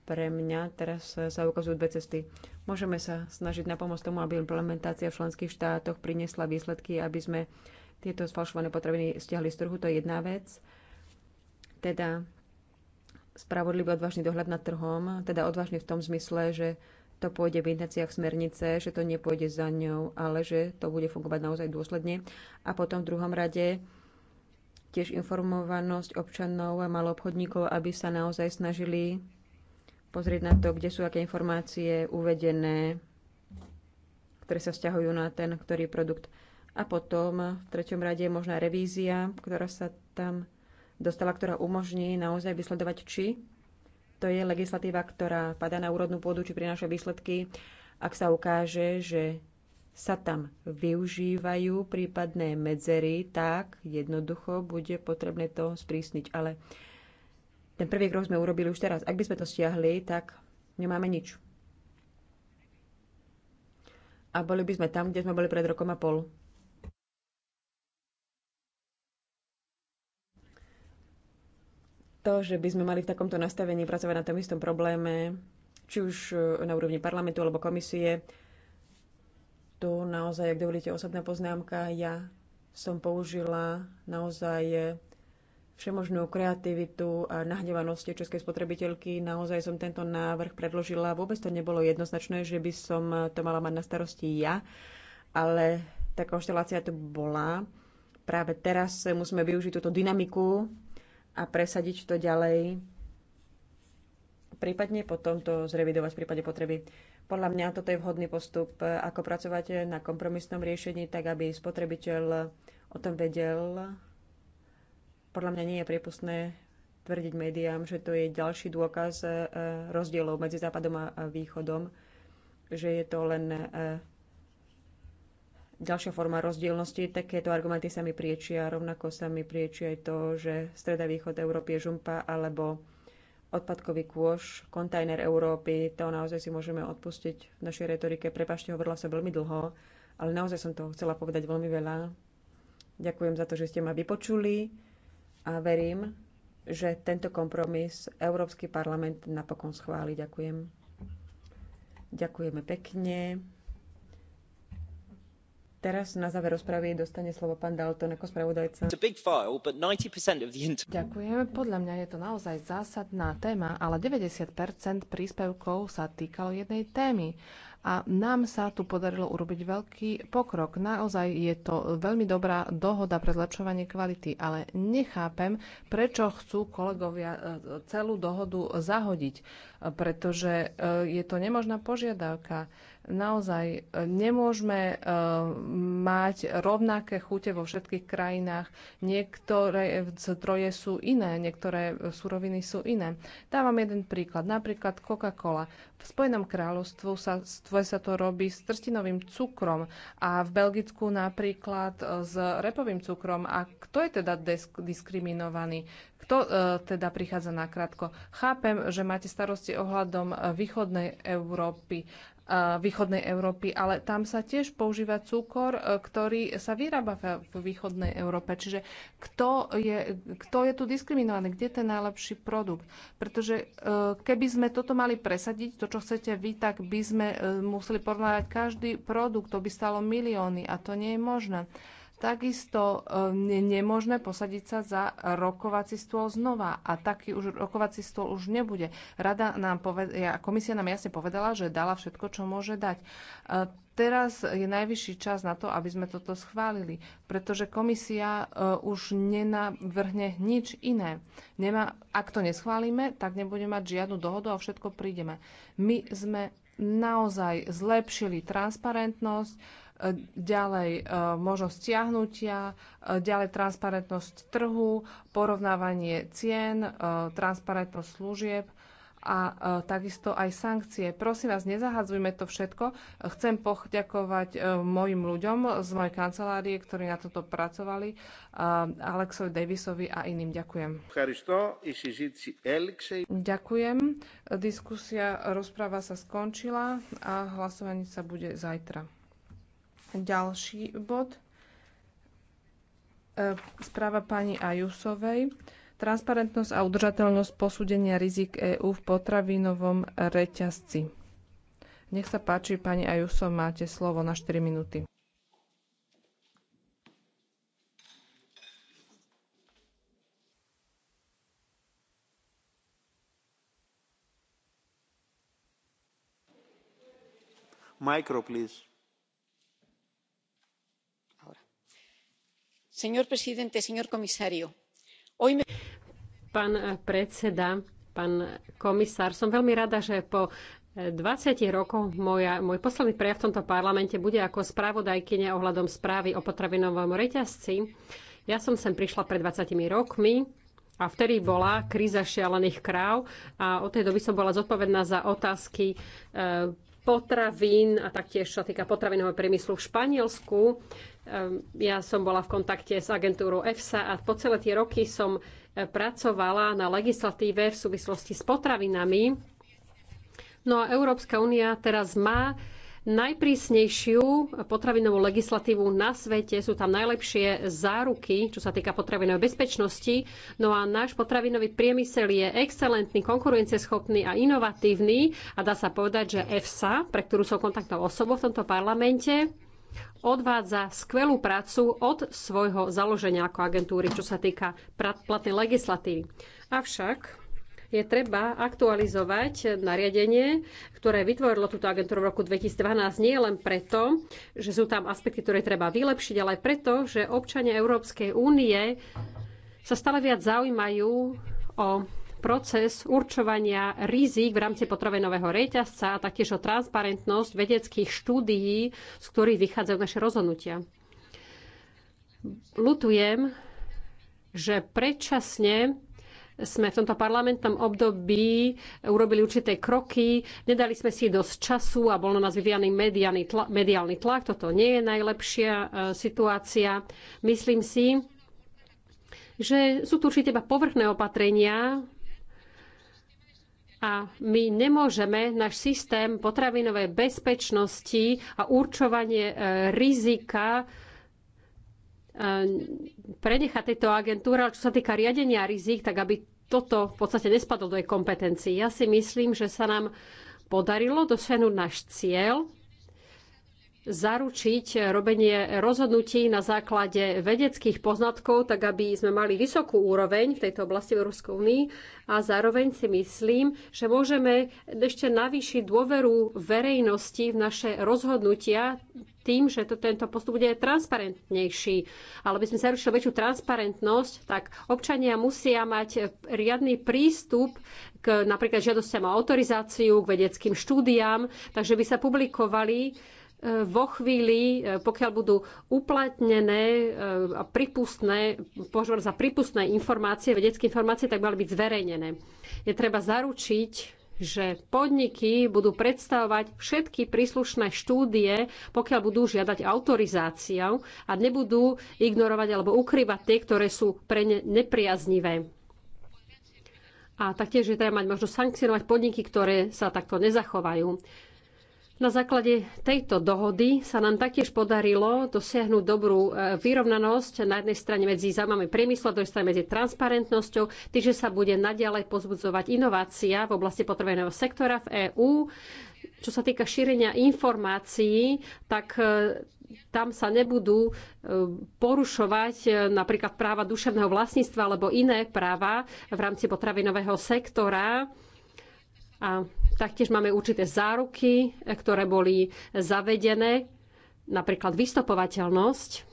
Pre mňa teraz sa ukazujú dve cesty. Môžeme sa snažiť na pomoc tomu, aby implementácia v členských štátoch priniesla výsledky, aby sme tieto sfalšované potraviny stiahli z trhu. To je jedna vec. Teda spravodlivý odvážny dohľad nad trhom, teda odvážny v tom zmysle, že to pôjde v intenciách smernice, že to nepôjde za ňou, ale že to bude fungovať naozaj dôsledne. A potom v druhom rade tiež informovanosť občanov a maloobchodníkov, aby sa naozaj snažili pozrieť na to, kde sú aké informácie uvedené, ktoré sa vzťahujú na ten, ktorý produkt. A potom v treťom rade je možná revízia, ktorá sa tam dostala, ktorá umožní naozaj vysledovať, či to je legislatíva, ktorá padá na úrodnú pôdu, či prináša výsledky, ak sa ukáže, že sa tam využívajú prípadné medzery, tak jednoducho bude potrebné to sprísniť. Ale ten prvý krok sme urobili už teraz. Ak by sme to stiahli, tak nemáme nič. A boli by sme tam, kde sme boli pred rokom a pol. To, že by sme mali v takomto nastavení pracovať na tom istom probléme, či už na úrovni parlamentu alebo komisie, tu naozaj, ak dovolíte, osobná poznámka. Ja som použila naozaj všemožnú kreativitu a nahnevanosť českej spotrebiteľky. Naozaj som tento návrh predložila. Vôbec to nebolo jednoznačné, že by som to mala mať na starosti ja, ale tá konštelácia tu bola. Práve teraz musíme využiť túto dynamiku a presadiť to ďalej. Prípadne potom to zrevidovať v prípade potreby. Podľa mňa toto je vhodný postup, e, ako pracovať na kompromisnom riešení, tak aby spotrebiteľ o tom vedel. Podľa mňa nie je priepustné tvrdiť médiám, že to je ďalší dôkaz e, rozdielov medzi Západom a Východom, že je to len e, ďalšia forma rozdielnosti. Takéto argumenty sa mi priečia. Rovnako sa mi priečia aj to, že streda východ Európy je žumpa alebo odpadkový kôš, kontajner Európy, to naozaj si môžeme odpustiť v našej retorike. Prepašte, hovorila sa veľmi dlho, ale naozaj som toho chcela povedať veľmi veľa. Ďakujem za to, že ste ma vypočuli a verím, že tento kompromis Európsky parlament napokon schváli. Ďakujem. Ďakujeme pekne. Teraz na záver rozpravy dostane slovo pán Dalton ako spravodajca. Ďakujem. Podľa mňa je to naozaj zásadná téma, ale 90% príspevkov sa týkalo jednej témy a nám sa tu podarilo urobiť veľký pokrok. Naozaj je to veľmi dobrá dohoda pre zlepšovanie kvality, ale nechápem, prečo chcú kolegovia e, celú dohodu zahodiť, e, pretože e, je to nemožná požiadavka. Naozaj nemôžeme mať rovnaké chute vo všetkých krajinách. Niektoré zdroje sú iné, niektoré suroviny sú iné. Dávam jeden príklad. Napríklad Coca-Cola. V Spojenom kráľovstvu sa, sa to robí s trstinovým cukrom a v Belgicku napríklad e, s repovým cukrom. A kto je teda diskriminovaný? Kto e, teda prichádza na krátko? Chápem, že máte starosti ohľadom e, východnej Európy, východnej Európy, ale tam sa tiež používa cukor, e, ktorý sa vyrába v východnej Európe. Čiže kto je, kto je tu diskriminovaný? Kde je ten najlepší produkt? Pretože e, keby sme toto mali presadiť, to, čo chcete vy, tak by sme e, museli porovnávať každý produkt, to by stalo milióny a to nie je možné takisto je ehm, nemožné posadiť sa za rokovací stôl znova. A taký už rokovací stôl už nebude. Rada nám poved- komisia nám jasne povedala, že dala všetko, čo môže dať. E, teraz je najvyšší čas na to, aby sme toto schválili, pretože komisia e, už nenavrhne nič iné. Nemá, ak to neschválime, tak nebudeme mať žiadnu dohodu a všetko prídeme. My sme naozaj zlepšili transparentnosť, ďalej e, možnosť stiahnutia, e, ďalej transparentnosť trhu, porovnávanie cien, e, transparentnosť služieb a takisto aj sankcie. Prosím vás, nezahadzujme to všetko. Chcem poďakovať mojim ľuďom z mojej kancelárie, ktorí na toto pracovali, Alexovi Davisovi a iným. Ďakujem. Ďakujem. Diskusia, rozpráva sa skončila a hlasovanie sa bude zajtra. Ďalší bod. E, správa pani Ajusovej. Transparentnosť a udržateľnosť posúdenia rizik EÚ v potravinovom reťazci. Nech sa páči, pani Ajuso, máte slovo na 4 minúty. Micro, please. Pán eh, predseda, pán komisár, som veľmi rada, že po 20 eh, rokoch moja, môj posledný prejav v tomto parlamente bude ako spravodajkyňa ohľadom správy o potravinovom reťazci. Ja som sem prišla pred 20 rokmi a vtedy bola kríza šialených kráv a od tej doby som bola zodpovedná za otázky eh, potravín a taktiež sa týka potravinového priemyslu v Španielsku. Ehm, ja som bola v kontakte s agentúrou EFSA a po celé tie roky som e, pracovala na legislatíve v súvislosti s potravinami. No a Európska únia teraz má najprísnejšiu potravinovú legislatívu na svete. Sú tam najlepšie záruky, čo sa týka potravinovej bezpečnosti. No a náš potravinový priemysel je excelentný, konkurencieschopný a inovatívny. A dá sa povedať, že EFSA, pre ktorú som kontaktoval osobou v tomto parlamente, odvádza skvelú prácu od svojho založenia ako agentúry, čo sa týka platnej legislatívy. Avšak je treba aktualizovať nariadenie, ktoré vytvorilo túto agentúru v roku 2012 nie len preto, že sú tam aspekty, ktoré treba vylepšiť, ale aj preto, že občania Európskej únie sa stále viac zaujímajú o proces určovania rizik v rámci potravinového reťazca a taktiež o transparentnosť vedeckých štúdií, z ktorých vychádzajú naše rozhodnutia. Lutujem, že predčasne sme v tomto parlamentnom období urobili určité kroky, nedali sme si dosť času a bol na nás vyvíjaný mediálny tlak, mediálny tlak. Toto nie je najlepšia e, situácia. Myslím si, že sú tu určite iba povrchné opatrenia, a my nemôžeme náš systém potravinovej bezpečnosti a určovanie e, rizika e, prenechať tejto agentúre, ale čo sa týka riadenia rizik, tak aby toto v podstate nespadlo do jej kompetencií. Ja si myslím, že sa nám podarilo dosiahnuť náš cieľ zaručiť robenie rozhodnutí na základe vedeckých poznatkov, tak aby sme mali vysokú úroveň v tejto oblasti v Európskej únii a zároveň si myslím, že môžeme ešte navýšiť dôveru verejnosti v naše rozhodnutia tým, že to, tento postup bude transparentnejší. Ale aby sme zaručili väčšiu transparentnosť, tak občania musia mať riadny prístup k napríklad žiadostiam o autorizáciu, k vedeckým štúdiám, takže by sa publikovali vo chvíli, e, pokiaľ budú uplatnené e, a pripustné, požor za pripustné informácie, vedecké informácie, tak mali byť zverejnené. Je treba zaručiť, že podniky budú predstavovať všetky príslušné štúdie, pokiaľ budú žiadať autorizáciu a nebudú ignorovať alebo ukrývať tie, ktoré sú pre ne nepriaznivé. A taktiež je treba mať možnosť sankcionovať podniky, ktoré sa takto nezachovajú. Na základe tejto dohody sa nám taktiež podarilo dosiahnuť dobrú e, vyrovnanosť na jednej strane medzi zámami priemyslu, druhej strane medzi transparentnosťou, takže sa bude naďalej pozbudzovať inovácia v oblasti potrebného sektora v EÚ. Čo sa týka šírenia informácií, tak e, tam sa nebudú e, porušovať napríklad práva duševného vlastníctva alebo iné práva v rámci potravinového sektora a taktiež máme určité záruky, e, ktoré boli zavedené, napríklad vystopovateľnosť.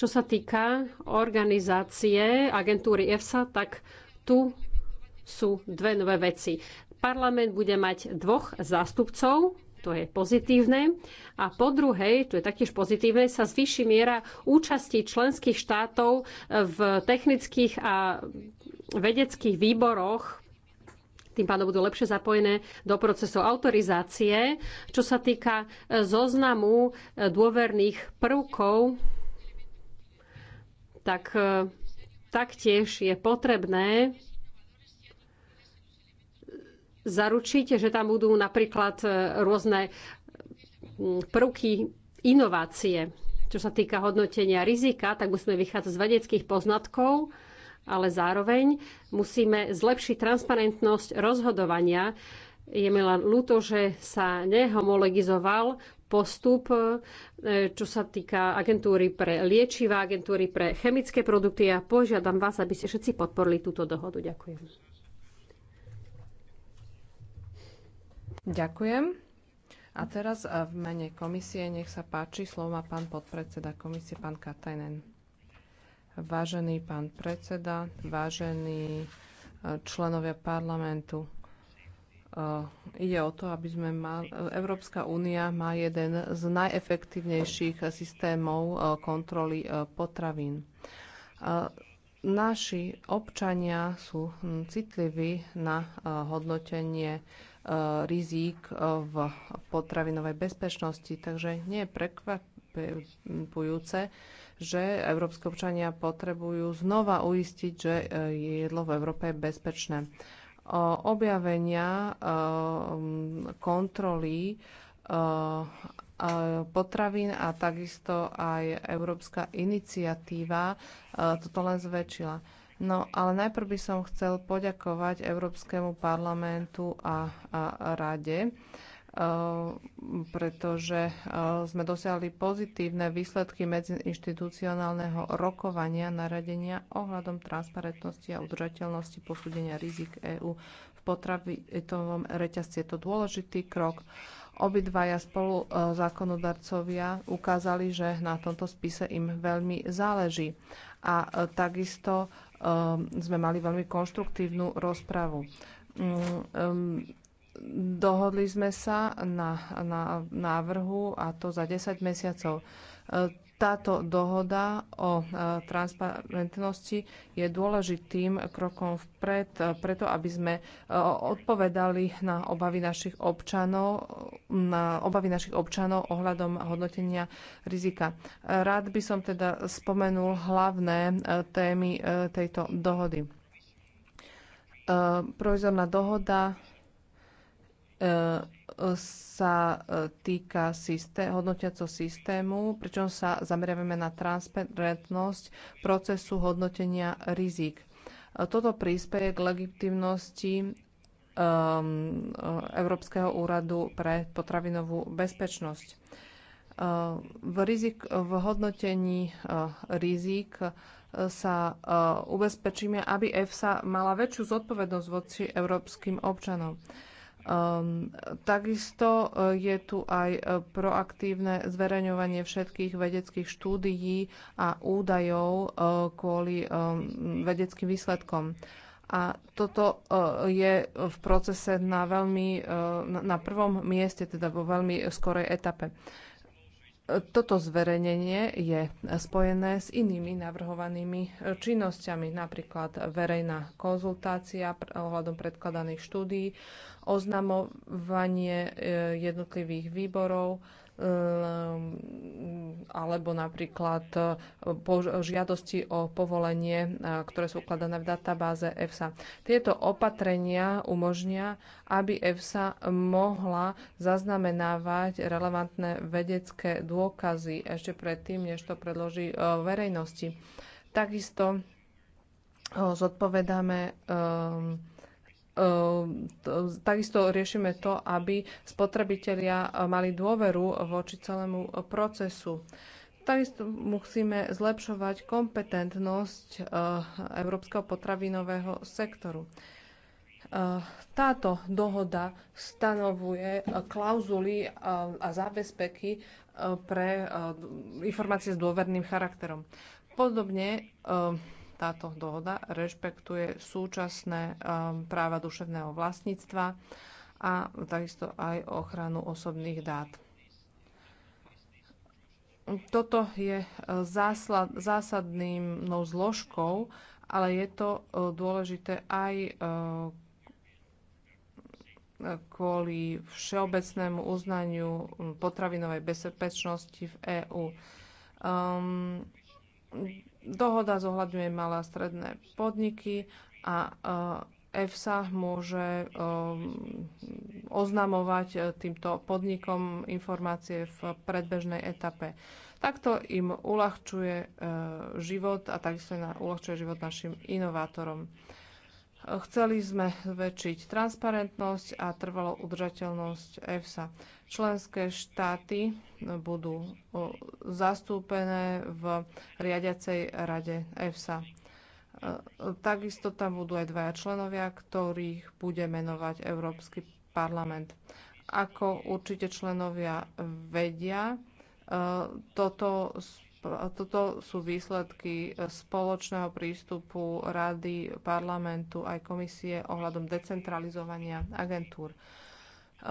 Čo sa týka organizácie agentúry EFSA, tak tu sú dve nové veci. Parlament bude mať dvoch zástupcov to je pozitívne. A po druhej, to je taktiež pozitívne, sa zvýši miera účasti členských štátov v technických a vedeckých výboroch tým pádom budú lepšie zapojené do procesu autorizácie. Čo sa týka e, zoznamu e, dôverných prvkov, tak e, taktiež je potrebné zaručiť, že tam budú napríklad rôzne prvky inovácie. Čo sa týka hodnotenia rizika, tak musíme vychádzať z vedeckých poznatkov ale zároveň musíme zlepšiť transparentnosť rozhodovania. Je mi len ľúto, že sa nehomologizoval postup, e, čo sa týka agentúry pre liečiva, agentúry pre chemické produkty a ja požiadam vás, aby ste všetci podporili túto dohodu. Ďakujem. Ďakujem. A teraz e, v mene komisie nech sa páči má pán podpredseda komisie, pán Katajnen. Vážený pán predseda, vážení e, členovia parlamentu, e, ide o to, aby sme mali... Európska únia má jeden z najefektívnejších systémov e, kontroly potravín. Naši občania sú hm, citliví na hodnotenie rizík v potravinovej bezpečnosti, takže nie je prekvapujúce, že európske občania potrebujú znova uistiť, že e, jedlo v Európe je bezpečné. Objavenia e, kontroly e, potravín a takisto aj európska iniciatíva toto len zväčšila. No, ale najprv by som chcel poďakovať Európskemu parlamentu a, a, a rade Eh, pretože eh, sme dosiahli pozitívne výsledky medziinštitucionálneho rokovania naradenia ohľadom transparentnosti a udržateľnosti posúdenia rizik EÚ v potravitovom reťazci. Je to dôležitý krok. Obidvaja spolu zákonodarcovia ukázali, že na tomto spise im veľmi záleží. A eh, takisto sme mali veľmi konštruktívnu rozpravu. Mm, dohodli sme sa na, na návrhu a to za 10 mesiacov. Táto dohoda o e, transparentnosti je dôležitým krokom vpred, e, preto aby sme e, odpovedali na obavy našich občanov, na obavy našich občanov ohľadom hodnotenia rizika. Rád by som teda spomenul hlavné témy tejto dohody. Provizorná dohoda E, sa e, týka systém, hodnotiaceho systému, pričom sa zameriavame na transparentnosť procesu hodnotenia rizik. E, toto príspeje k legitimnosti Európskeho úradu pre potravinovú bezpečnosť. V, rizik, v hodnotení rizik sa ubezpečíme, aby EFSA mala väčšiu zodpovednosť voči európskym občanom. Um, takisto eh, je tu aj eh, proaktívne zverejňovanie všetkých vedeckých štúdií a údajov uh, kvôli um, vedeckým výsledkom. A toto uh, je v procese na, veľmi, uh, na prvom mieste, teda vo veľmi skorej etape toto zverejnenie je spojené s inými navrhovanými činnosťami, napríklad verejná konzultácia ohľadom predkladaných štúdií, oznamovanie e, jednotlivých výborov, Ehm, alebo napríklad eh, žiadosti o povolenie, eh, ktoré sú ukladané v databáze EFSA. Tieto opatrenia umožnia, aby EFSA mohla zaznamenávať relevantné vedecké dôkazy ešte predtým, než to predloží eh, verejnosti. Takisto zodpovedáme um, Ehm, takisto riešime to, aby spotrebitelia eh, mali dôveru voči celému eh, procesu. Takisto musíme zlepšovať kompetentnosť eh, európskeho potravinového sektoru. Táto dohoda stanovuje klauzuly a zábezpeky pre informácie s dôverným charakterom. Podobne táto dohoda rešpektuje súčasné um, práva duševného vlastníctva a takisto aj ochranu osobných dát. Toto je uh, zásadnou no, zložkou, ale je to uh, dôležité aj uh, kvôli všeobecnému uznaniu um, potravinovej bezpečnosti v EÚ. Dohoda zohľadňuje malé a stredné podniky a e, EFSA môže e, oznamovať e, týmto podnikom informácie v predbežnej etape. Takto im uľahčuje život a takisto uľahčuje život našim inovátorom. Chceli sme zväčšiť transparentnosť a trvalo udržateľnosť EFSA. Členské štáty budú zastúpené v riadiacej rade EFSA. E, takisto tam budú aj dvaja členovia, ktorých bude menovať Európsky parlament. Ako určite členovia vedia, e, toto a toto sú výsledky eh, spoločného prístupu Rady, parlamentu aj komisie ohľadom decentralizovania agentúr. Eh,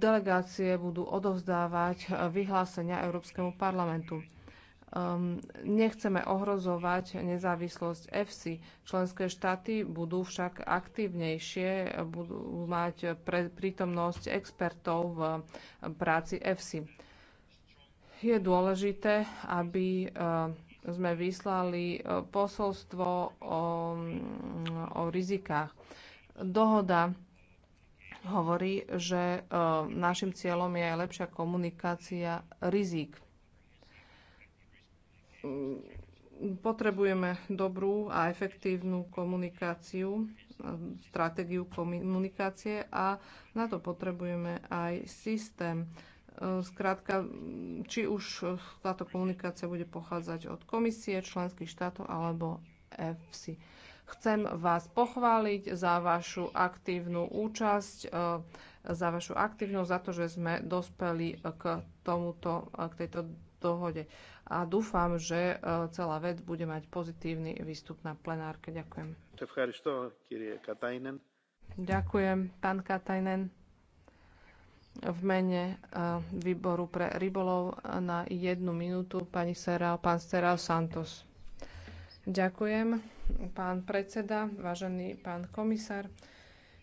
delegácie budú odovzdávať eh, vyhlásenia Európskemu parlamentu. Ehm, nechceme ohrozovať nezávislosť EFSI. Členské štáty budú však aktívnejšie, budú mať prítomnosť expertov v práci EFSI je dôležité, aby eh, sme vyslali eh, posolstvo o, mm, o rizikách. Dohoda hovorí, že eh, našim cieľom je aj lepšia komunikácia rizik. Mm, potrebujeme dobrú a efektívnu komunikáciu, stratégiu komunikácie a na to potrebujeme aj systém Zkrátka, e, či už táto komunikácia bude pochádzať od komisie, členských štátov alebo EFSI. Chcem vás pochváliť za vašu aktívnu účasť, e, za vašu aktívnosť, za to, že sme dospeli k, tomuto, e, k tejto dohode. A dúfam, že celá vec bude mať pozitívny výstup na plenárke. Ďakujem. Ďakujem, pán Katajnen v mene e, výboru pre rybolov na jednu minútu pani Serao, pán Serao Santos. Ďakujem, pán predseda, vážený pán komisár.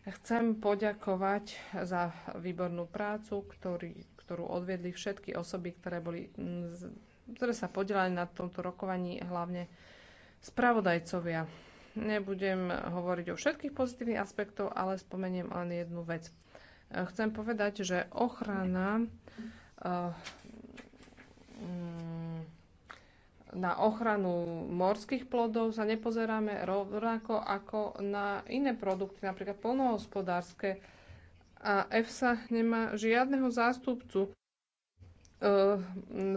Chcem poďakovať za výbornú prácu, ktorý, ktorú odviedli všetky osoby, ktoré, boli, ktoré sa podielali na tomto rokovaní, hlavne spravodajcovia. Nebudem hovoriť o všetkých pozitívnych aspektoch, ale spomeniem len jednu vec. Chcem povedať, že ochrana eh, mm, na ochranu morských plodov sa nepozeráme rovnako ako na iné produkty, napríklad polnohospodárske. A EFSA nemá žiadneho zástupcu eh,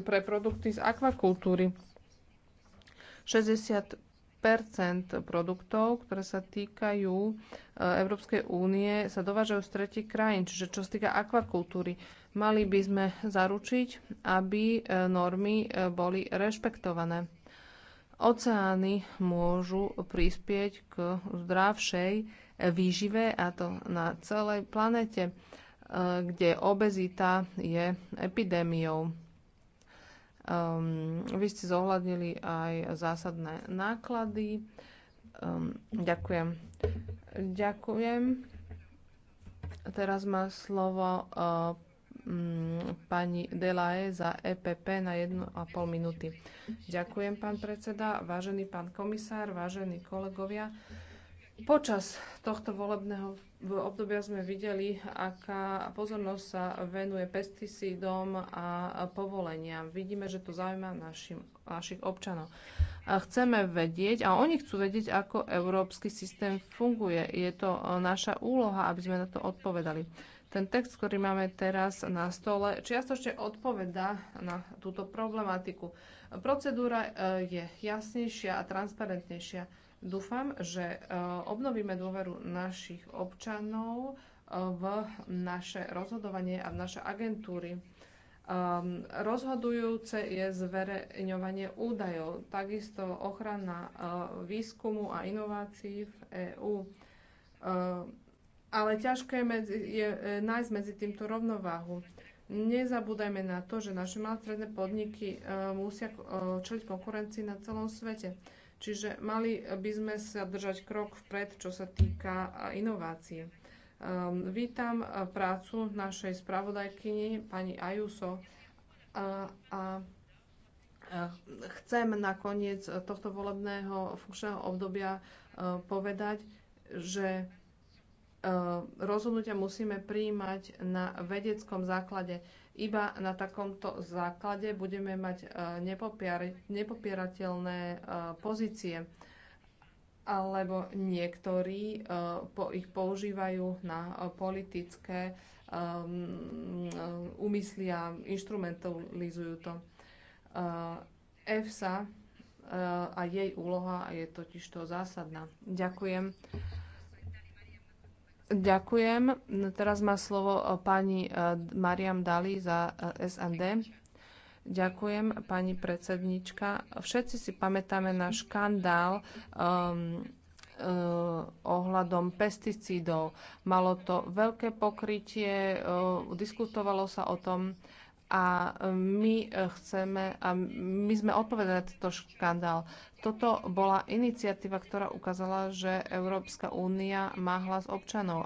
pre produkty z akvakultúry. 60 produktov, ktoré sa týkajú e, Európskej únie, sa dovážajú z tretich krajín. Čiže čo sa týka akvakultúry, mali by sme zaručiť, aby e, normy e, boli rešpektované. Oceány môžu prispieť k zdravšej výžive, a to na celej planete, kde obezita je epidémiou. Um, vy ste zohľadnili aj zásadné náklady. Um, ďakujem. Ďakujem. Teraz má slovo uh, mm, pani Delae za EPP na 1,5 minúty. Ďakujem, pán predseda, vážený pán komisár, vážení kolegovia. Počas tohto volebného obdobia sme videli, aká pozornosť sa venuje pesticídom a povoleniam. Vidíme, že to zaujíma našim, našich občanov. A chceme vedieť, a oni chcú vedieť, ako európsky systém funguje. Je to e, naša úloha, aby sme na to odpovedali. Ten text, ktorý máme teraz na stole, čiastočne odpoveda na túto problematiku Procedúra e, je jasnejšia a transparentnejšia. Dúfam, že e, obnovíme dôveru našich občanov e, v naše rozhodovanie a v naše agentúry. Um, rozhodujúce je zverejňovanie údajov, takisto ochrana uh, výskumu a inovácií v EÚ. Uh, ale ťažké medzi, je nájsť medzi týmto rovnováhu. Nezabúdajme na to, že naše malé stredné podniky e, musia e, čeliť konkurencii na celom svete. Čiže mali by sme sa držať krok vpred, čo sa týka e, inovácie. Vítam prácu našej spravodajkyni, pani Ajuso, a, a chcem na koniec tohto volebného funkčného obdobia povedať, že Eh, rozhodnutia musíme prijímať na vedeckom základe. Iba na takomto základe budeme mať eh, nepopierateľné eh, pozície alebo niektorí ich používajú na politické úmysly a instrumentalizujú to. EFSA a jej úloha je totiž to zásadná. Ďakujem. Ďakujem. Teraz má slovo e, pani e, Mariam Dali za e, SND. Ďakujem, pani predsednička. Všetci si pamätáme na škandál um, uh, ohľadom pesticídov. Malo to veľké pokrytie, uh, diskutovalo sa o tom a my chceme, a my sme odpovedali na tento škandál. Toto bola iniciatíva, ktorá ukázala, že Európska únia má hlas občanov